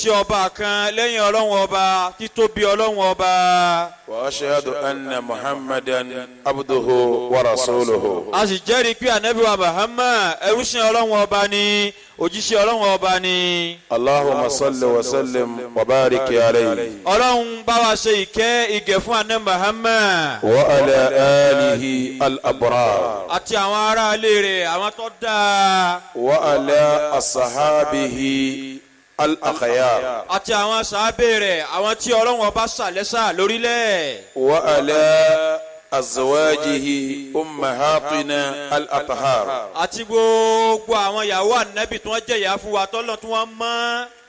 sí ọba kan lẹ́yìn ọlọ́run ọba títóbi ọlọ́run ọba. wa ashhadu anna muhammadan abduhu wa rasuluhu. a sì jẹ́rìí pé ànábì wa muhammad ẹrúsìn ọlọ́run ọba ni òjíṣẹ́ ọlọ́run ọba ni. allahumma salli wa sallim wa bariki alayhi. ọlọ́run bá wa ṣe ìkẹ́ ìgẹ̀ fún ànábì muhammad. wa ala alihi al-abrar. àti àwọn aráalé rẹ̀ àwọn tó dáa. wa ala asahabihi al-akhaya. àti àwọn sàábé rẹ̀ àwọn tí ọlọ́run ọba sàlẹ́sà lórílẹ̀. wa ala azawajihi ummahatina al-atahar. àti gbogbo àwọn yàwó ànábì tí wọ́n jẹ̀yà fún wa tọ́lọ̀ tí wọ́n mọ́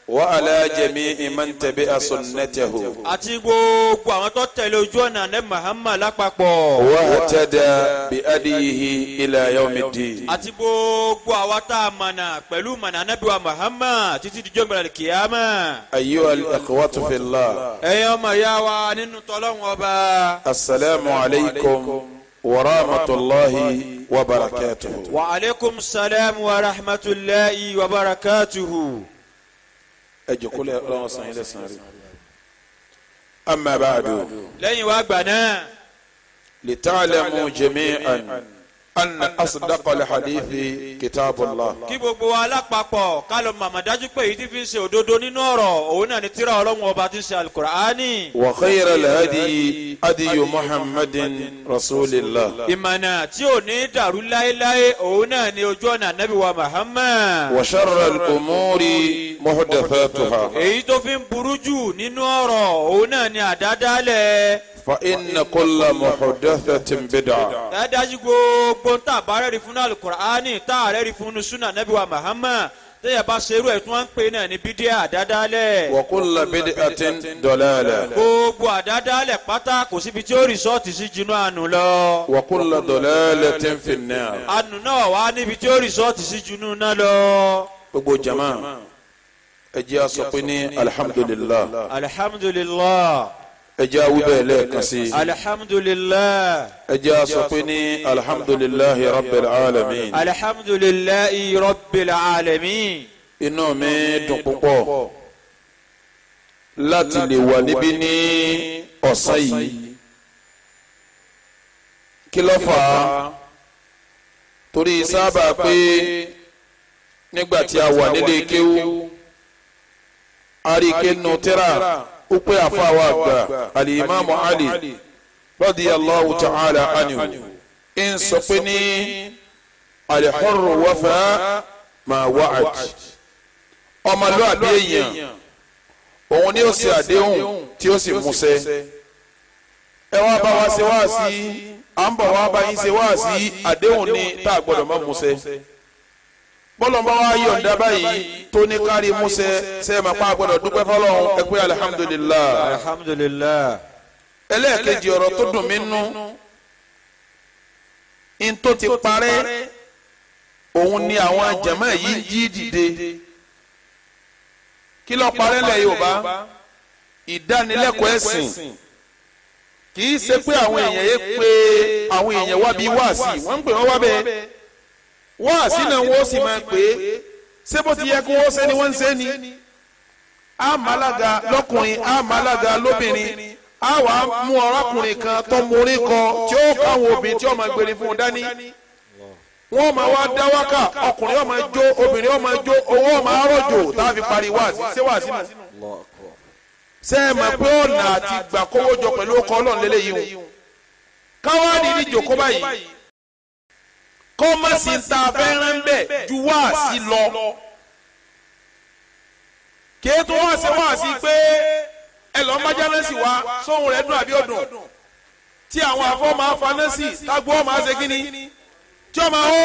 wa ala jami'i man tabi'a sunnatahu. àti gbogbo àwọn tó tẹ̀lé ojú ọ̀nà ní Muhammad lápapọ̀. wa atada bi adiyihi ila yawmiddin. àti gbogbo àwa tá a mọ̀nà pẹ̀lú mọ̀nà Ànábì wa Muhammad títí dijọ́ gbẹ̀rẹ̀ kìyàmá. ayyuha al-ikhwatu fillah. ẹ̀yin ọmọ ìyá wa nínú tọ́lọ́wọ́n ọba. assalamu alaykum wa rahmatulahi wa barakatuhu. wa aleykum salaam wa rahmatulahi wa barakatuhu ẹ jòkó lẹ Ọlọ́run san yín lẹ́san rẹ̀ amma ba'du. lẹ́yìn wá gbà náà. li ta'lamu jami'an anna asdaqal hadithi kitabullah. kí gbogbo wa alápapọ̀ kálọ̀ màmá dájú pé èyí ti fi ń ṣe òdodo nínú ọ̀rọ̀ òun náà ni tírà ọlọ́run ọba ti ń ṣe alukur'ani. wa khayral hadi adiyu muhammadin rasulillah. ìmọ̀nà tí ò ní dàrú láéláé òun náà ni ojú ọ̀nà anabi wa muhammad. wa sharral umuri muhdathatuha. èyí tó fi ń burú jù nínú ọ̀rọ̀ òun náà ni àdádálẹ̀ fa inna kulla muhdathatin bid'a. dájú gbogbo tá a bá rẹ́ẹ̀rí fún alukur'ani tá a rẹ́ẹ̀rí fún sunna nabi wa muhammad tẹ́yà bá ṣerú ẹ̀ tí wọ́n ń pè náà ní bídíà àdádálẹ̀. wa kulla bid'atin dalalah. gbogbo àdádálẹ̀ pátá kò síbi tí ó rìsọ́ọ̀tì sí jinú àánú lọ. wa kulla dalalatin finnar. àánú náà wá níbi tí ó rìsọ́ọ̀tì sí jinú náà lọ. gbogbo jama ẹ jẹ́ a ní alhamdulillah. alhamdulillah ẹjẹ́ awúbẹ̀ lẹ́ẹ̀kan sí. alhamdulilah. ẹjẹ́ a sọ pé ní alhamdulilahi rabbil alamin. alhamdulilahi rabbil alamin. inú mi dùn púpọ̀ láti lè wà níbí ní ọ̀sán yìí kí ló fà á torí sábà pé nígbà tí a wà nílé kéwú a rí i ké ó pé àfáwà àgbà alimami ali radiyallahu ta'ala anhu ń sọ pé ní alihurru wafa ma wa'ad ọmọlúwàbí èèyàn òun ni ó ṣe àdéhùn tí ó sì múṣẹ ẹ wá bá wa ṣe wáàsí à ń bọ̀ wá bá yín ṣe wáàsí àdéhùn ni tá a gbọ́dọ̀ má múṣẹ bọ́lọ̀mbá wa yọ̀ǹda báyìí tó ní kárí musa sẹ́ẹ̀mà pa àgbọ̀dọ̀ dúpẹ́ fọlọ́run ẹ pé alihamudulilayi. alihamudulilayi. ẹlẹ́ẹ̀kejì ọ̀rọ̀ tó dùn mí nú in tó ti parẹ́ òun ni àwọn jẹ̀mọ́ yìí ń jí dìde kí ló parẹ́ lẹ̀ Yorùbá ìdánilẹ́kọ̀ọ́ ẹ̀sìn kì í ṣe pé àwọn èèyàn yé pé àwọn èèyàn wá bí wáàsí wọ́n ń pè wọ́n wá bẹ́ẹ̀ wọ́n àsínà wọ́n sì máa pè é ṣé bó ti yẹ kó wọ́n ṣe ni wọ́n ń ṣe ni àmàlàgà lọ́kùnrin àmàlàgà lóbìnrin àwa mú ọ̀rọ̀kùnrin kan tó mórí kan tí ó káwọn obìnrin tí ó máa gbèrè fún un dání wọ́n máa wá dá wákà ọkùnrin ó máa jó obìnrin ó máa jó owó ó máa rọ̀jò tá a fi parí wáàsí ṣé wáàsí nù ṣe é mọ̀ pé ọ̀nà àti ìgbà pẹ̀lú ọkọ̀ ọlọ́run lélẹ́yìí o káwá kó má sí ta fẹ́ràn bẹ́ẹ̀ ju wáàsí lọ. kéétó wáàsí wáàsí pé ẹ lọ́ọ́ má jánẹ́sì wá sóhun rẹ̀ dùn àbí ọ̀dùn tí àwọn afọ́ máa fanẹ́sì tágbó máa ṣe kínní tí ó máa hó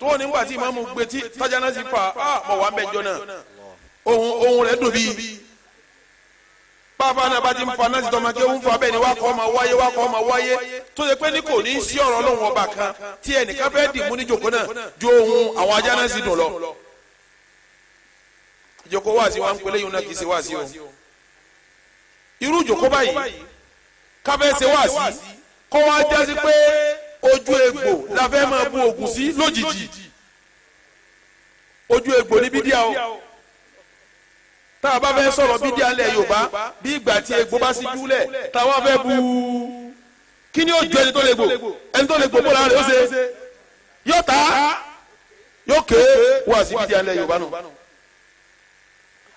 tó nígbà tí ìmọ̀ mu gbé tí tájánẹ́sì fà á mọ̀ wá mẹ́jọ náà ohun ohun rẹ̀ dùn bíi báfa náà bá ti ń fa náà ti tọ́ ma kí ń fa bẹ́ẹ̀ ni wá kọ́ ma wáyé wá kọ́ ma wáyé tó ṣe pé ní kò ní í sí ọ̀rọ̀ lóhùn ọba kan tí ẹnìkan fẹ́ dìbò ní jòkó náà jó ohun àwọn ajá náà sì dùn lọ. ìjòkó wáàsí wa ń pẹlẹ yìí náà kì í ṣe wáàsí o irú ìjòkó báyìí káfẹ́ ṣe wáàsí kó wá jásí pé ojú egbò la fẹ́ máa bu ògùn sí lójijì ojú egbò ní bídíà o tá a bá fẹ́ sọ̀rọ̀ bídí alẹ́ yorùbá bí ìgbà tí egbò bá sí júlẹ̀ táwa fẹ́ bu kí ni yóò jọ ẹni tó lè gbò ẹni tó lè gbò bó lára rẹ̀ ó ṣe yóò ta yóò ké wá sí bídí alẹ́ yorùbá náà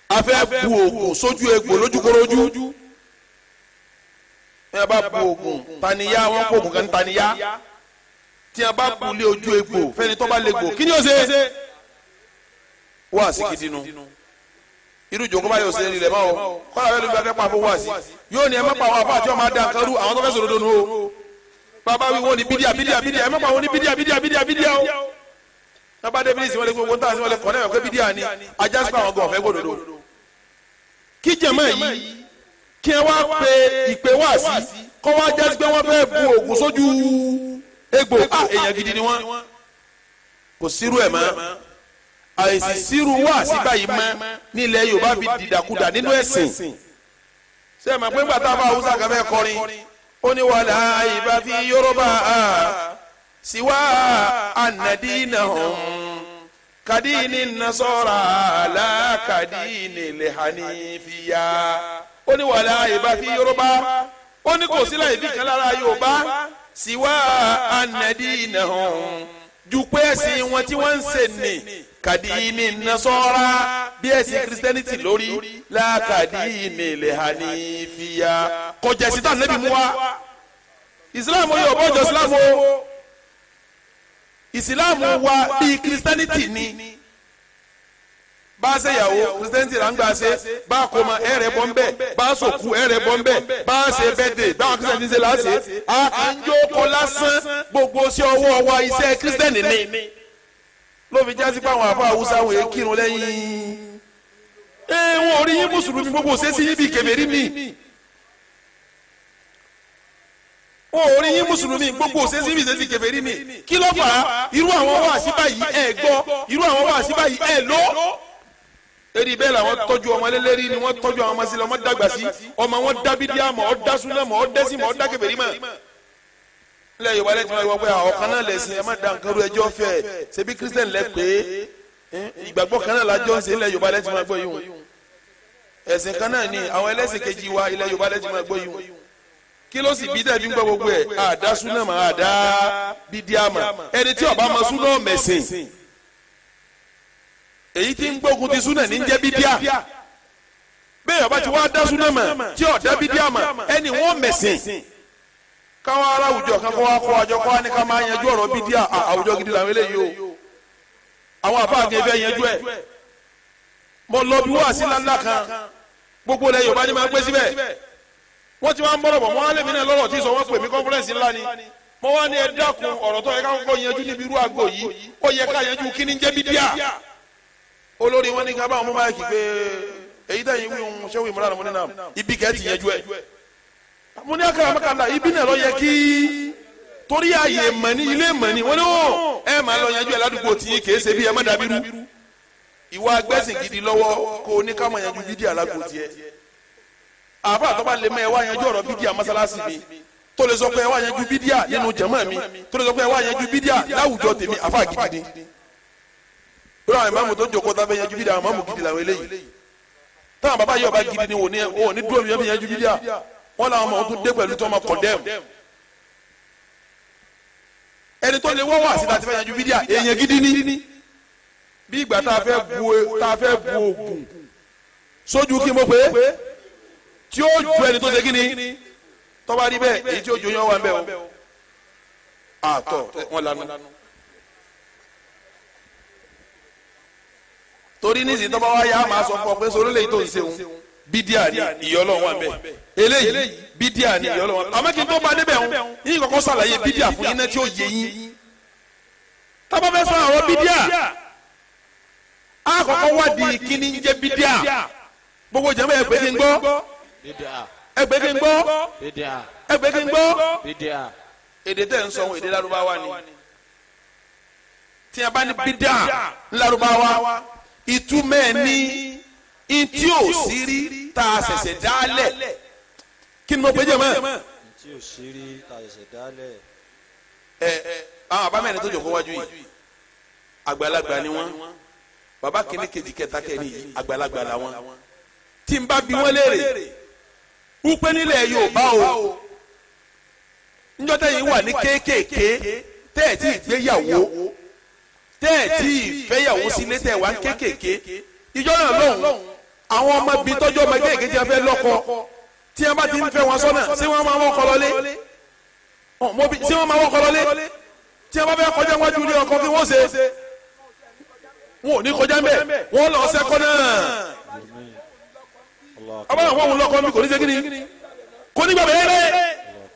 a fẹ́ bu oògùn sójú egbò lójúkorojú ní a bá bu oògùn taniya wọn kó oògùn kan taniya tí a bá bu lé ojú egbò fẹ́ni tó bá lè gbò kí ni yóò ṣe wá sí gidi irú ìjòkó báyìí ò sí ẹni rẹ̀ mọ́ o kọ́lá bẹ́ẹ̀ ló ń bá kẹ́pà fún wá sí yóò ní ẹ má pa àwọn àfáà tí wọ́n máa dá nǹkan rú àwọn tó fẹ́ sòdodo nù o bàbá wí wọ́n ní bídíà bídíà bídíà ẹ má pa àwọn ní bídíà bídíà bídíà bídíà o bàbá débìlì sí wọn lé gbogbo ntàn sí wọn lé kọ́nẹ́ ọ̀kẹ́ bídíà ni ajá sí àwọn gan ọ̀fẹ́ gbòdodo kí jẹ̀mọ́ yìí kí ẹ wá pe ìpè wá sí kọ́ wá já sí pé wọ́n fẹ́ bu òògùn sójú egbò ah èèyàn gidi ni wọ́n kò sírú ẹ̀ mọ́ àìsí sírù wà sígbà yìí mọ́ nílẹ̀ yorùbá fi dìdàkudà nínú ẹ̀sìn ṣé ẹ mọ̀ pé gbàtà bá haúsá kan fẹ́ kọrin ó ní wàlà ìbá fi yorùbá siwa anadina hàn kadini nasọra ala kadini lehanifiya ó ní wàlà ìbá fi yorùbá ó ní kò sí láì bí kan yorùbá siwa anadina hàn ju pé ẹ̀sìn wọn tí wọ́n ń ṣe nì kàdíìní nasọ́ra bí ẹ̀sìn kírísítẹ́nìtì lórí lákàdíìní lẹ́hànífìyà kọjá sí tàn níbi mú wa ìsìláàmù yóò bọ́ jọ síláàmù o ìsìláàmù wa bíi kírísítẹ́nìtì ni bá a ṣe yàwó kristianity là ń gbà ṣe bá a kò mọ ẹrẹ bọ nbẹ bá a sòkú ẹrẹ bọ nbẹ bá a ṣe bẹẹdẹ báwọn kristianity ṣe là á ń jókòó lásán gbogbo sí ọwọ́ wa iṣẹ́ kristianity ni ló fi pa pé àwọn àfa Haúsá wọn yẹn kírun lẹ́yìn ẹ wọn ò rí yín mùsùlùmí gbogbo ṣe sí yín bíi kèmẹ́rí mi wọn ò rí yín mùsùlùmí gbogbo ṣe sí yín bíi kèmẹ́rí mi kí ló fà á irú àwọn wàásí báyìí ẹ gbọ́ irú àwọn wàásí báyìí ẹ lọ eri bẹ́ẹ̀ làwọn tọ́jú ọmọ lélẹ́rí ni wọ́n tọ́jú àwọn ọmọ sílẹ̀ wọ́n dàgbà ọmọ wọn dábídí àmọ́ ọ̀dásúnlẹ̀ mọ́ ọ̀dẹ́sí mọ́ ọ̀dákẹ́bẹ̀rí mọ́ nílẹ̀ yorùbá lẹ́tí wọn pé àwọn kan náà lẹ̀sìn ẹ má da nǹkan ru ẹjọ́ fẹ́ ṣebí kristian lẹ pé ìgbàgbọ́ kan náà lájọ́ ṣe nílẹ̀ yorùbá lẹ́tí wọn gbọ́ yìí wọn ẹ̀sìn kan náà ni àwọn ẹlẹ́sìn kejì wa ilẹ̀ yorùbá lẹ́tí wọn gbọ́ yìí wọn kí ló sì bí dẹ́bi ń gbọ́ gbogbo ẹ̀ àdá súná mà àdá bídí àmà ẹni tí ọba máa súná mẹ̀sìn èyí tí ń gbógun ti súná ní ń jẹ́ bídí à bẹ́ẹ̀ ọba ti wá dá súná mà tí ọ̀dá bídí àmà ẹni wọ́n mẹ̀sìn káwọn ará àwùjọ kan kó wá kó àjọ kó wá ní ká máa yanjú ọ̀rọ̀ bíi díà àwùjọ gidi làwọn eléyìí o àwọn àfáàgé fẹ́ yanjú ẹ̀ mo lọ bí wọ́n àsìlá ńlá kan gbogbo ilẹ̀ Yorùbá ni máa gbé síbẹ̀ wọ́n ti máa ń bọ̀rọ̀ bọ̀ wọ́n á lè mí náà lọ́rọ̀ tí sọ wọ́n pè mí kọ́nfúrẹ́ǹsì ńlá ni mo wá ní ẹ dákun ọ̀rọ̀ tó yẹ ká kọ́kọ́ yanjú níbi irú àgbo yìí ó yẹ ká yanjú kí ni jẹ́ bí díà olórí wọn ní ká báwọn mú báyìí pé èyí tẹ̀yìn wíwọ̀n ṣẹ́wìn múlá mo ní akara makala ibi náà lọ yẹ kí torí ààyè mọ̀ni ilé mọ̀ni wọn ni ó oh, ẹ máa lọ yanjú ẹ ládùúgbò tí yín kèé ṣe bí ẹ má dàbí rú ìwà agbẹ́sìn gidi lọ́wọ́ kó o ní ká máa yanjú bídíà ládùúgbò tiẹ̀ àbá àtọ́ba lè mọ ẹ wá yanjú ọ̀rọ̀ bídíà mọ́sálásí mi tó lè sọ pé ẹ wá yanjú bídíà nínú jàmá mi tó lè sọ pé ẹ wá yanjú bídíà láwùjọ tèmi àfa gidi ni lórí àwọn ìmáàmù tó ń tá a fẹ́ yanjú bídíà àwọn ìmáàmù gidi làwọn eléyìí táwọn bàbá yìí ọba wọn làwọn ọmọ ọdún dé pẹ̀lú tí wọn máa kọ̀dẹ́m ẹni tó lè wọ́wọ́ àti láti fẹ́ yanjú bídíà èèyàn gidi ní bí ìgbà tá a fẹ́ bu e, tá a fẹ́ bu oògùn sójú kí mo pé tí ó ju ẹni tó ṣe kí ni tọ́ba rí bẹ́ẹ̀ èyí tí ó jòyàn wà ń bẹ́ o àtọ̀ wọn lanu torí nísìnyí tọ́ba wa yá máa sọ fún ọ pé sọ ló lè tó ń ṣe òun. Bidia ni ìyọlọ wọn bẹ eléyìí bídíà ni ìyọlọ wọn àmọ́ kí n tó bá débẹ̀ ń yín kọ́kọ́ sàlàyé bídíà fún yín náà tí ó yé yín tábà fẹ́ sọ àwọn bídíà á kọ́kọ́ wádìí kí ni ń bidia. bídíà gbogbo jẹ́mọ́ ẹgbẹ́ kí n gbọ́ ẹgbẹ́ kí n gbọ́ ẹgbẹ́ kí n larubawa, èdè tẹ̀ ń ni tí a bá ní bídíà ntí ò sí rí tá a ṣẹ̀ṣẹ̀ dálẹ̀ kí ni mo pè jẹ́ mọ́ ẹ̀. ntí ò sí rí tá a ṣẹ̀ṣẹ̀ dálẹ̀. ẹ ẹ àwọn àbámẹ́rin tó jòkó wájú yìí àgbàlagbà ni wọ́n bàbá kìíní kejì kẹta kẹrin yìí àgbàlagbà làwọn tí n bá bi wọ́n léèrè wípé nílẹ̀ Yorùbá o njọ́ tẹ̀yìn wà ní kéékèèké tẹ́ ẹ̀ tí ì gbéyàwó tẹ́ ẹ̀ tí ì fẹ́yàwó sílé tẹ́ ẹ̀ wá kéékèèké ìjọ náà lóhùn àwọn ọmọ bíi tọ́jú ọmọ kéèké tí a fẹ́ lọ́kọ tí a bá ti ń fẹ́ wọn sọ́nà ṣé wọ́n máa wọ́n kọlọ́lé ṣé wọ́n máa wọ́n kọlọ́lé tí a bá fẹ́ kọjá wájú ilé ọkọ kí wọ́n ṣe wọn ò ní kọjá mbẹ wọn lọ sẹ́kọ́ náà ọba àwọn òun lọ́kọ mi kò ní ṣe kí ni kò ní gbàgbé rẹ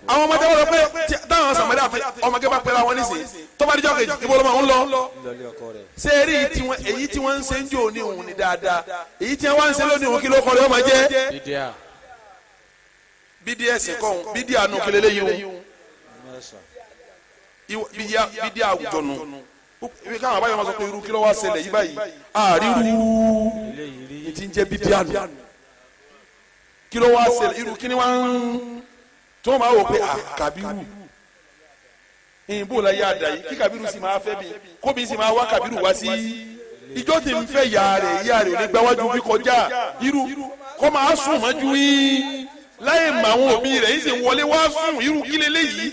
àwọn ọmọdé wọn lọ pé táwọn sàmọdé àfẹ ọmọge bá pẹlú àwọn nísìnyí tọ́badíjọ́ kejì ibo lọ́mọ ń lọ. ṣé eré èyí tí wọ́n ń ṣe ń jò ní òun ni dáadáa èyí tí wọ́n ń ṣe lónìí òun kí ló kọ́ lé ọmọ jẹ́. bídí ẹ̀sìn kọ́ ọ̀hún bídí àánú kelele yìí o bídí àwùjọ nù ibi káwọn àbáyọ máa sọ pé irú kí ló wá ṣẹlẹ̀ yí báyìí àríwú ti ń jẹ́ bídí àánú kí ló wá ṣẹlẹ̀ irú kí ni wọ́n ń tí wọ́n máa wò pé àkàbírù ah, ìbò la yá àdá yìí kí kàbírù sì máa fẹ́ mi kóbi sì máa wá kàbírù wá sí ìjọ tí ń fẹ́ yà rẹ̀ yà rẹ̀ lè gbáwájú bí kọjá irú kọ́ máa sùn mọ́jú yín láyé mà àwọn òbí rẹ̀ yìí sì wọlé wá sùn irú kílé léyìí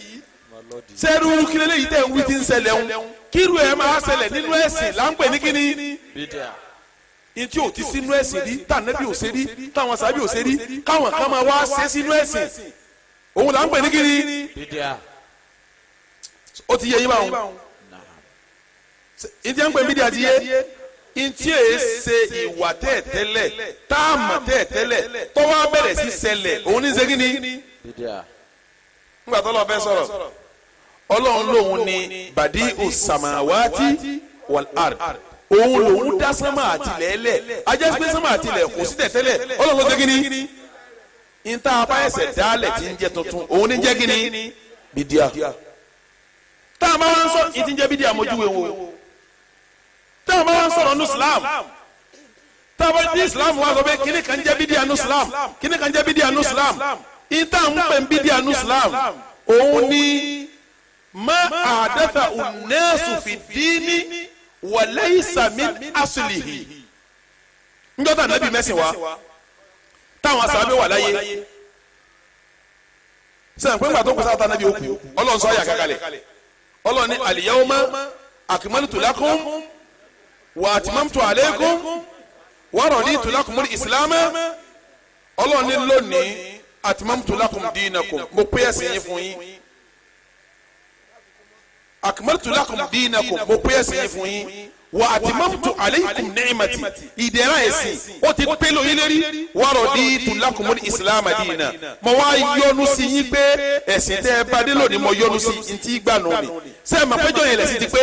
sẹ́rú kílé léyìí tẹ̀ ń wí ti ń ṣẹlẹ̀ ń kírú ẹ̀ máa ṣẹlẹ̀ nínú ẹ̀sìn láǹpẹ̀ ní kíní ntí o ti sínú ẹ̀sìn rí tànẹ́bí ò ṣe rí táwọn sábì ò ṣe rí káwọn kan máa wá ṣe sínú ẹ̀sìn òun là ń pè ní kiri ó ti yé yín báwọn ìdí à ń pè ní bídíà ti yé ntí ẹ ṣe ìwà tẹ́ẹ̀tẹ́lẹ̀ táàmù tẹ́ẹ̀tẹ́lẹ̀ tọ́wọ́ bẹ̀rẹ̀ sí ṣẹlẹ̀ òun ní ṣe kíni nígbà tó lọ́ọ́ fẹ́ sọ̀rọ̀ ọlọ́run lòun ni bàdí òsàmàwátì wàlárì òun lòun dá sánmà àtìlẹ́lẹ̀ ajá pé sánmà àtìlẹ̀ sí tẹ̀tẹ́lẹ̀ ọlọ́run ló ṣe kíni n tá a bá ẹsẹ̀ dálẹ̀ tí ń jẹ́ tuntun òun ní jẹ́ gíní bídíà tá a bá wá ń sọ ìtí ń jẹ́ bídíà mojúwe wo tá a bá wá ń sọ̀rọ̀ ní Islam tá a bá ní Islam wá sọ pé kíní kan jẹ́ bídíà ní Islam kíní kan jẹ́ bídíà ní Islam n tá a ń pè bídíà ní Islam òun ní má àdáfà unẹ́sù fìdíní wọ̀lẹ́yìísàmí asùlìhì ń gbọ́dọ̀ nàbí mẹ́sìn wa táwọn sàbẹ̀ wà láyé sẹ́yìn pé ńgbà tó kọsá ta nábì òkú ọlọ́run sọ àyà kakalẹ̀ ọlọ́run ní al-yawma akmaltu lakum wa atmamtu alaykum wa raditu lakumul islam ọlọ́run ní lónìí atmamtu lakum dinakum mo pé ẹ̀sìn yín fún yín akmaltu lakum dinakum mo pé ẹ̀sìn yín fún yín wà á ti mọ́mútu aleikum ni'mati ìdẹ̀ra ẹ̀sìn ó ti pé lóyún lérí wọ́rọ̀ ní tùlákùnmọ́ ní islam àdínà mo wá yọ́nú sí yín pé ẹ̀sìn tẹ́ ẹ bá dé lónìí mo yọ́nú sí ntí gbà nù mí sẹ́ẹ̀ mọ̀ péjọ yẹn lẹ̀sìn ti pé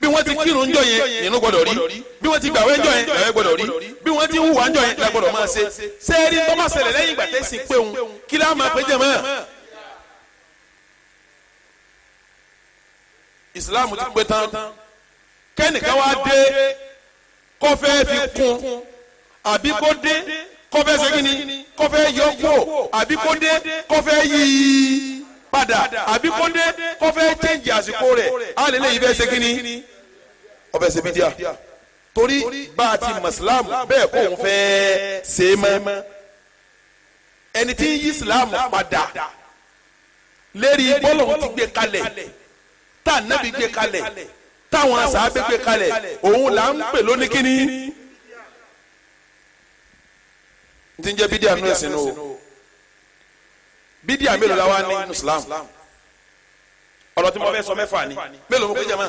bí wọ́n ti kírun ńjọ yẹn inú gbọ́dọ̀ rí bí wọ́n ti gbàwé ńjọ yẹn làwẹ́ gbọ́dọ̀ rí bí wọ́n ti hùwà ńjọ yẹn làgbọ́dọ̀ máa ṣe sẹ́ẹ̀rí tó máa ṣẹlẹ̀ lẹ́yìn ìgbà tẹ́sí pé òun kí lá máa péjẹ Islam ti pé tán kẹ́nìkan wá dé kó fẹ́ fi kún àbí kó dé kó fẹ́ ṣe kíni kó fẹ́ yọ kúrò àbí kó dé kó fẹ́ yí padà àbí kó dé kó fẹ́ chẹ́ǹjì àsìkò rẹ̀ á lè léyìí fẹ́ ṣe kíni ọbẹ̀ ṣe bí díà torí bá a ti mọ̀sílámù bẹ́ẹ̀ kó òun fẹ́ ṣe é mọ́ ẹni tí ń yí ìsìlámù padà lérí bọ́lọ̀ ti gbé kalẹ̀ tá a nábì gbé kalẹ̀ táwọn sàábé gbé kalẹ̀ òun là ń pè lóní kíní. n ti ń bídíà nínú ẹ̀sìn o bídíà mélòó la wá ní Islam ọ̀rọ̀ tí mo fẹ́ sọ mẹ́fà ni mélòó mo pé jẹ́ mọ́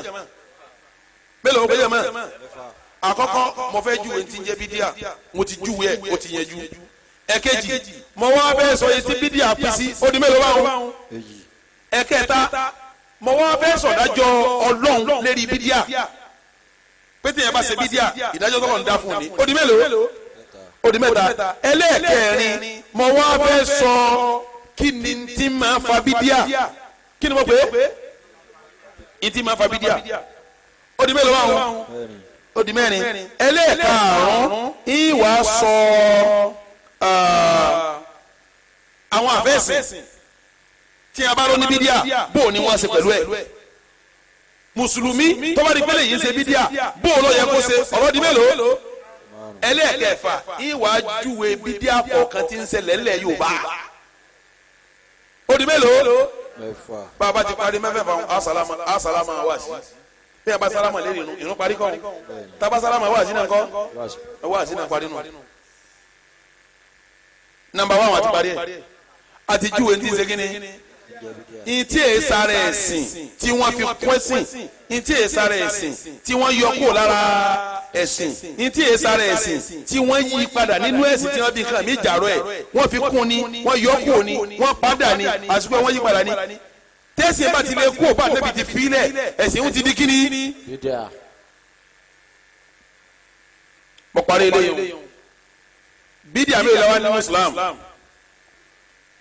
mélòó mo pé jẹ́ mọ́ àkọ́kọ́ mo fẹ́ júwe ti ń jẹ́ bídíà mo ti júwe ẹ̀ o ti yẹjú ẹ̀kejì mo wá bẹ́ẹ̀ sọ yìí tí bídíà pín ó di mélòó báwọn ẹ̀kẹta mo wá fẹ́ sọ̀dájọ́ ọlọ́run lérí bídíà pété yẹn bá ṣe bídíà ìdájọ́ tọ́lọ̀ ń dá fún ni ó di mélòó ó di mẹ́ta ẹlẹ́ẹ̀kẹrin mo wá fẹ́ sọ kí ni ti máa fa bídíà kí ni mo pè é ìtì máa fa bídíà ó di mélòó àwọn ó di mẹ́rin ẹlẹ́ẹ̀karùn-ún ìwà sọ uh, uh, àwọn àfẹ́sìn tí a bá lọ ní bídíà bó o ní wọ́n ṣe pẹ̀lú ẹ̀ mùsùlùmí tọ́wádìí pẹ́lẹ́ yìí ń ṣe bídíà bó o lọ yẹ kó ṣe ọ̀rọ̀ di mélòó ẹlẹ́ẹ̀kẹfà ìwájúwe bídíà kọ̀ọ̀kan ti ń ṣẹlẹ̀ ńlẹ̀ Yorùbá ó di mélòó bàbá ti parí mẹ́fẹ̀ẹ́fà asalama asalama wá sí bí a bá sálámà lé nínú ìrún parí kọ́ tábà sálámà wá sí náà kọ́ wá sí náà parí nù nàmbà wà wọn àti parí ẹ àti júwe ti ṣe kí ni ntí èsàrà ẹ̀sìn tí wọ́n fi kún ẹ̀sìn ntí èsàrà ẹ̀sìn tí wọ́n yọ kó lára ẹ̀sìn ntí èsàrà ẹ̀sìn tí wọ́n yí padà nínú ẹ̀sìn tí wọ́n fi kàn mí jàrọ̀ ẹ̀ wọ́n fi kún ni wọ́n yọ kó ni wọ́n padà ni àsìkò wọ́n yí padà ni tẹ́sí ẹ̀ bá ti lè kó bá tẹ́bi ti fi lẹ̀ ẹ̀sìn ń ti di kíni. mo parí eléyìí o bídíà mi ìlànà ní Islam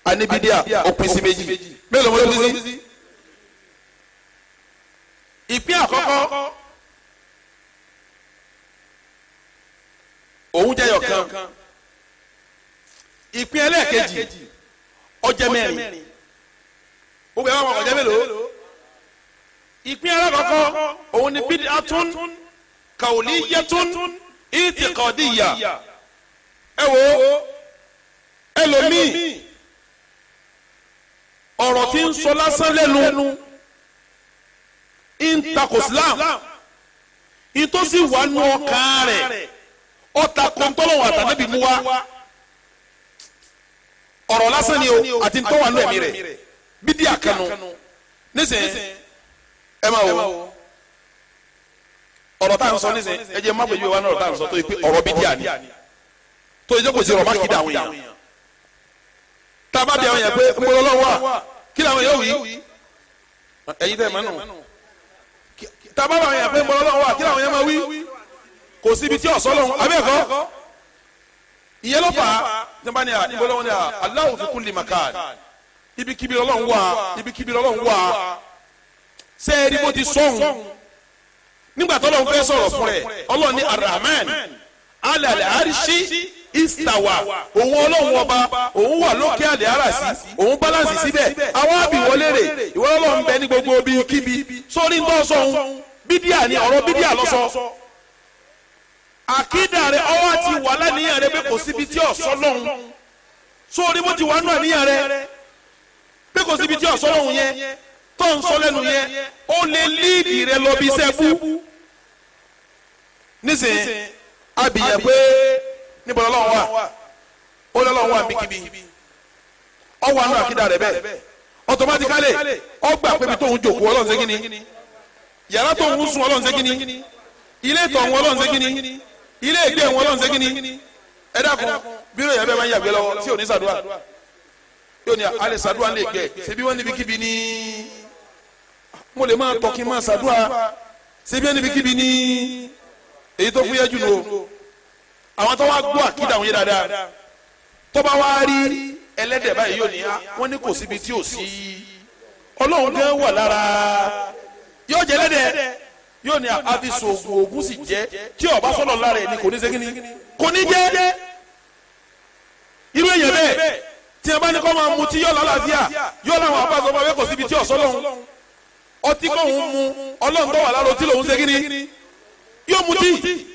àní bídíà ó pín sí méjì mélòó mo tóbi sí. ìpín àkọ́kọ́ òun jẹ́ yọ̀kan ìpín ẹlẹ́ẹ̀kejì ó jẹ́ mẹ́rin gbogbo ẹ̀ wọ́n mọ̀ ó jẹ́ mélòó ìpín alákọ̀ọ́kọ́ òun ni bíi atún kàwọ́líyẹ́tún ìtìkọ̀díyà ẹ wo ẹlòmíì ọ̀rọ̀ tí ń sọ lásán lẹ́nu ń takò Islam ìtòsí wà nù ọkàn rẹ̀ ọ̀tà kọ́ńtọ́lọ́wọ̀ àtàlẹ́bí mú wa ọ̀rọ̀ lásán ni o àti ntọ́ wà nù ẹ̀mí rẹ̀ bídí àkànnù nísìnyí ẹ máa wò ó ọ̀rọ̀ tá à ń sọ nísìnyí ẹ jẹ́ má gbèjú ní ọ̀rọ̀ tá à ń sọ tó yẹ pé ọ̀rọ̀ bídí àní tó yẹ kó ṣe ọ̀rọ̀ má kí dà àwọn tá a bá di àwọn pé ń lọ́wọ́ wa kí làwọn yóò wí ẹ̀yin tẹ́ ẹ̀ mọ́nù tábà bàwọn yẹn pé ń bọ́ lọ́wọ́ wa kí làwọn yẹn máa wí kò síbi tí ọ̀sọ́ lọ́wọ́ abẹ́ẹ̀kọ́ ìyẹn ló fà á nígbà ní à ah, níbo lọ́wọ́ ní à ah, Allahu fi kulli makan ibikíbi lọ́wọ́ wà ibikíbi lọ́wọ́ wà sẹ́ẹ̀rì bó ti sọ̀hún nígbà tó lọ́wọ́ fẹ́ sọ̀rọ̀ fún rẹ̀ Ọlọ́hun ní Ar-Rahman ala al istawa òun ọlọ́run ọba òun wà lókè àlẹ́ ara sí òun balance síbẹ̀ àwọn àbíwọlé rè ìwọ ọlọ́run bẹ ní gbogbo bíi kíbi sórí ń tọ́ sọ́hun bídíà ni ọ̀rọ̀ bídíà lọ́sọ. àkídà rẹ ọwọ́ àti wàhálà níyàn rẹ pé kò síbi tí ọ̀sọ́ lọ́hun sórí bó ti wà nù àníyàn rẹ pé kò síbi tí ọ̀sọ́ lọ́hun yẹn tó ń sọ lẹ́nu yẹn ó lè líìdì rẹ lọ bí sẹ́kù nísìnyí abìyẹ pé níbo lọ́wọ́ wa ó lọ́wọ́ wa bíkíbi ọ wà nù rẹ bẹ́ẹ̀ automatically ọ gbà pé ibi tóun jòkó ọlọ́run ṣe kíni yàrá tóun sùn ọlọ́run ṣe kíni ilé ìtọ̀ wọn ọlọ́run ṣe kíni ilé ìgbé wọn ọlọ́run ṣe kíni ẹ dákun bírò yẹn bẹ́ẹ̀ máa ń yàgbé lọ́wọ́ tí ò ní ṣàdúrà yóò ní alẹ́ ṣàdúrà lè gbẹ ṣebí wọ́n níbi kíbi ní mo lè máa tọ́ máa ṣàdúrà ṣebí wọ́n níbi kíbi ní èyí tó fúyẹ́ jù àwọn tó wá gbọ́ àkídà wọn yé dáadáa tó bá wá rí ẹlẹ́dẹ̀ báyìí yóò ní á ah, wọ́n ní kò síbi tí ò sí ọlọ́run gan wà lára yóò jẹ ẹlẹ́dẹ̀ yóò ní àfisò ah, oògùn oògùn sì jẹ tí ọba sọlọ lára ẹ ni kò ní ṣe kíni kò ní jẹ irú èyàn bẹ́ẹ̀ tí ẹ bá ní kọ́ máa mu tí yọ lálàáfíà yọ làwọn abáṣọ bá wẹ́kọ̀ síbi tí ọ̀sọ́ lọ́hún ọtí kọ́hún mu ọlọ́run tó wà lára ọtí lòún ṣe kíni yóò mu tí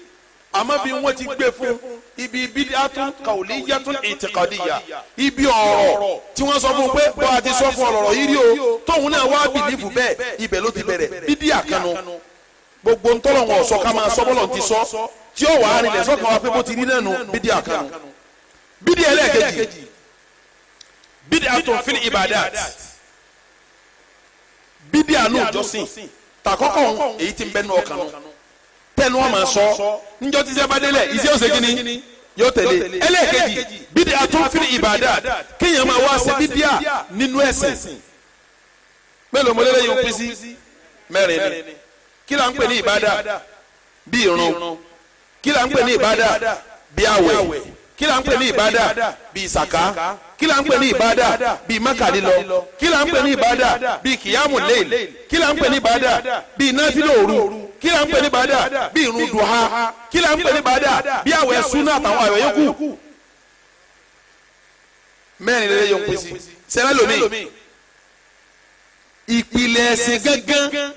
àmọ́ bí wọ́n ti gbé fún ibi bídíàtún kàwlíyàtún ìtìkàdíyà ibi ọ̀rọ̀ tí wọ́n sọ fún pé bọ́ a ti sọ fún ọ̀rọ̀ yìí rí o tóun náà wá bìlífù bẹ́ẹ̀ ibẹ̀ ló ti bẹ̀rẹ̀ bídíà kanu gbogbo ntọ́lọ̀ wọn sọ ká máa sọ bọ́lọ̀ ti sọ tí ó wà á rinlẹ̀ sọ́kàn wa pé bó ti rí náà nu bídíà kanu bídíà ẹlẹ́ẹ̀kejì bídíàtún fil ibadat bídíà nù jọ́sìn tàkọ́kọ́ èyí ti ń bẹ́nu ọkàn náà tẹnu ọmọ sọ níjọ tí iṣẹ́ bá délẹ̀ iṣẹ́ òsè kínní yóò tẹ̀lé ẹlẹ́ẹ̀kejì bídí àtúnfin ìbàdà kéèyàn máa wá sí bídí à nínú ẹ̀sìn mélòó mo lélẹ́yìn òpin sí mẹ́rin ni kí là ń pè ní ìbàdà bí irun kí là ń pè ní ìbàdà bí àwẹ̀ kí la ń pè ní ìbádà bíi sàká kí la ń pè ní ìbádà bíi mákàlélọ kí la ń pè ní ìbádà bíi kìyàmù léèlè kí la ń pè ní ìbádà bíi náfìlì òru kí la ń pè ní ìbádà bíi irun duha kí la ń pè ní ìbádà bíi àwẹ̀ súnà àtàwọn àwẹ̀ yòókù mẹ́rin lélẹ́ yóò ń pín sí sẹ́rẹ́ lómi gángan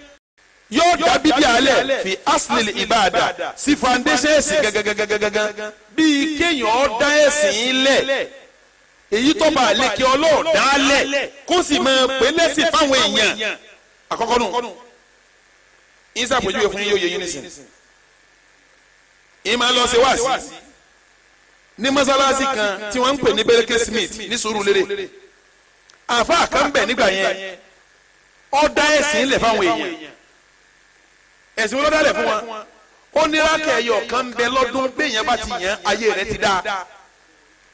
yóò dàbí bí alẹ́ fi asilili ìbádà sí foundation ẹ̀sìn gángan gángan gángan bíi kéèyàn dá ẹ̀sìn lẹ̀ èyí tó bá àlékè ọlọ́ọ̀dá lẹ̀ kó sì máa pè lẹ́sìn fáwọn èèyàn àkọ́kọ́ nù isa àpèjúwe fún yóò yẹ yín nísìn ìmọ̀ lọ sí wáàsí ní mọ́sálásí kan tí wọ́n ń pè ní Bereke Smith ní Sùúrùlérè àfa kan bẹ̀ nígbà yẹn ó dá ẹ̀sìn lẹ̀ fáwọn èèyàn ẹ̀sìn wọn ló dálẹ̀ fún wọn ó ní rákẹ̀ ẹyọ kan ń bẹ lọ́dún béèyàn bá ti yàn ayé rẹ̀ ti dáa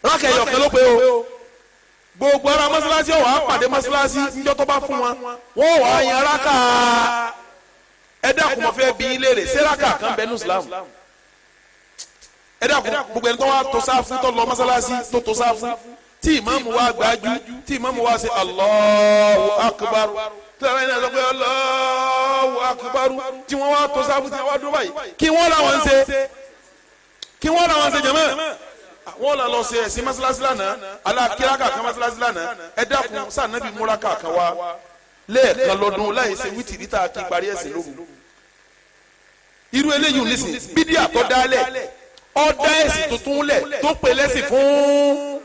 rákẹ̀ kan ló pé o gbogbo ara mọ́sálásí ọ̀wá pàdé mọ́sálásí níjọ́ tó bá fún wọn wọ́n wàá yan rákà ẹ dákun mọ́ fẹ́ bí ilé rẹ̀ ṣé rákà kan bẹ ní Islam ẹ dákun gbogbo ẹni tó wá tó sáfù tó lọ mọ́sálásí tó tó sáfù tí ìmáàmù wa gbájú tí ìmáàmù wa ṣe Allahu Akbar tílára yìí náà sọ pé Allahu akbar tí wọ́n wá tó sáfù tí wọ́n wá dúró báyìí kí wọ́n làwọn ń ṣe kí wọ́n làwọn ń ṣe jẹ̀mọ́ wọ́n la lọ ṣe ẹ̀sìn mọ́sálásí lánàá alákírá kàkà mọ́sálásí lánàá ẹ dákun sànàbí múra kàkà wa lẹ́ẹ̀kan lọ́dún láì ṣe wítìrí tá a kí parí ẹ̀sìn lóru irú eléyìí nísìn bídí àtọ́dálẹ̀ ọ̀dá ẹ̀sìn tuntun lẹ̀ tó pè lẹ́sìn fún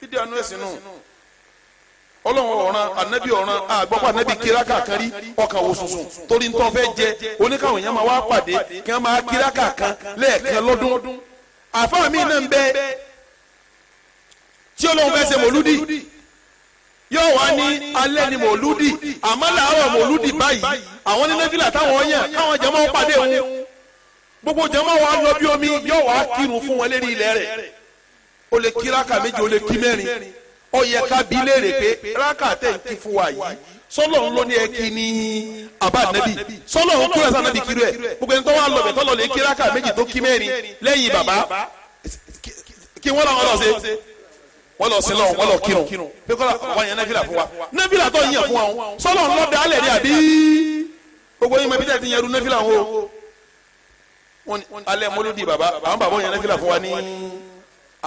bídí àánú ẹ̀sìn náà. ọlọ́run ọ̀ràn anabi ọ̀ràn àgbọ̀pọ̀ anabi kíráka kan rí ọkàn torí ntọ́ fẹ́ jẹ oníkàwọn èèyàn máa wá pàdé kí wọ́n máa kíráka kan lẹ́ẹ̀kan lọ́dún Afọ mi náà ń bẹ tí ọlọ́run fẹ́ ṣe mòlúdì yóò wá ní alẹ́ ni mòlúdì àmọ́ làárọ̀ mòlúdì báyìí àwọn yàn káwọn gbogbo lọ bí omi yóò wá kírun fún wọn lérí ilẹ̀ rẹ̀ o lè o lè kí mẹ́rin ó yẹ ká bi léèrè pé rákàtẹ́ ń kí fún wa yìí sọlọ́run ló ní ẹ kí ní àbá ànábì sọlọ́run kúrẹ́ sí ànábì kiri ẹ̀ gbogbo ẹni tó wà lọ́bẹ̀ tọ́lọ́ lè kí rákà méjì tó kí mẹ́rin lẹ́yìn bàbá kí wọ́n làwọn lọ ṣe wọ́n lọ sílọ̀ wọ́n lọ kírun pé kọ́lá wọ́n yẹn nẹ́fìlà fún wa nẹ́fìlà tó yẹ fún wa o sọlọ́run ló dá alẹ́ ní àbí gbogbo yín mọ ibi tẹ́ ti yẹn ru wọn o wọn alẹ́ mọ́lódì bàbá àwọn bàbá yẹn nẹ́fìlà fún wa ní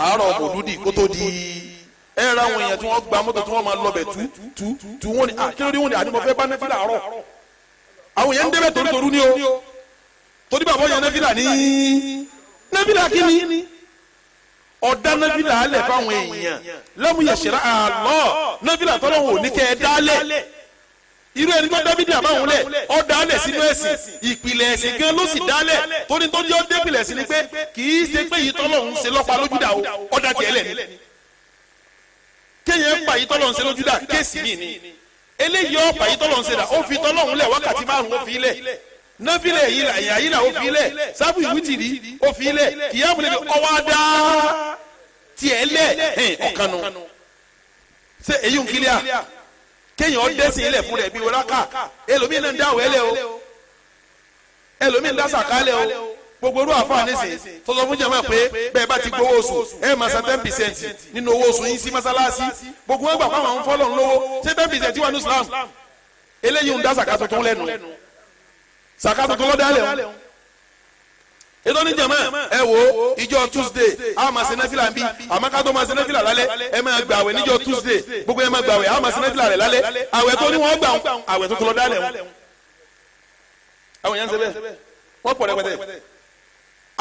àárọ̀ mọ́lódì kótó di ẹ ra àwọn èèyàn tí wọ́n gba mọ́tò tí wọ́n máa lọ́bẹ̀ tú tú tú wọ́n ni àkílódé wọ́n ni àdìmọ̀ fẹ́ bá nẹ́fìlà àárọ̀ àwọn èèyàn ń débẹ̀ torítorú ni o torí bàbá yẹn nẹ́fìlà ní nẹ́fìlà kíni ọ̀dá nẹ́fìlà alẹ̀ fáwọn èèyàn lẹ́mu yẹ̀sẹ̀rẹ̀ àlọ́ nẹ́fìlà tọ́lọ́ wò ní kẹ́ ẹ dálẹ̀ irú ẹni tó dábìdì àbáwọn lẹ ọ dálẹ̀ sínú ẹ̀sìn ìpìlẹ̀ ẹ̀sìn gan ló sì dálẹ̀ tóní tó ní ọ dépìlẹ̀ sí ni pé kì í ṣe pé yìí tọ́lọ̀ ń ṣe lọ́pàá lójúdà o ọ̀dà tiẹ̀ lẹ̀ ni kéèyàn pa yìí tọ́lọ̀ ń ṣe lójú dà kéèsì mi ni eléyìí ọ̀pá yìí tọ́lọ̀ ń ṣe dà ó fi tọ́lọ̀hún lẹ̀ wákàtí márùn-ún ó fi lẹ̀ nọ́fìlẹ̀ ìyá yìí là ó fi lẹ̀ sábù ìwítìrí ó fi lẹ̀ kìyàmù lẹ́bi ọwọ́ adá tiẹ̀ lẹ̀ ọ̀kanu ṣe èyí ń kílíà kéèyàn dẹ́sìn ilẹ̀ fún rẹ̀ bí wọ́n láká ẹlòmíín náà ń dáwọ̀ ẹlẹ́ o ẹlòmíín dá sàkálẹ̀ o gbogbo olú àfa nísìn tọ́sọ fún jẹ́mọ̀ pé bẹ́ẹ̀ bá ti gbowó oṣù ẹ̀ máa san ten percent nínú owó oṣù yín sí mọ́sálásí gbogbo wọn gbà fáwọn ń fọ́lọ́run lówó ṣé ten percent wà ní Islam eléyìí ń dá sàkà tuntun lẹ́nu sàkà tuntun lọ́dá lẹ́nu ètò ní jẹ̀mọ́ ẹ wo ìjọ Tuesday a máa ṣe nẹ́fìlà bí àmọ́ ká tó máa ṣe nẹ́fìlà lálẹ́ ẹ máa gbà àwẹ̀ níjọ Tuesday gbogbo ẹ máa gbà àwẹ̀ a máa ṣe nẹ́fìlà rẹ̀ lálẹ́ àwẹ̀ tó ní wọ́n gbà àwẹ̀ tuntun lọ́dá lẹ́nu àwọn yẹn ń ṣe bẹ́ẹ̀ wọ́n pọ̀ rẹpẹtẹ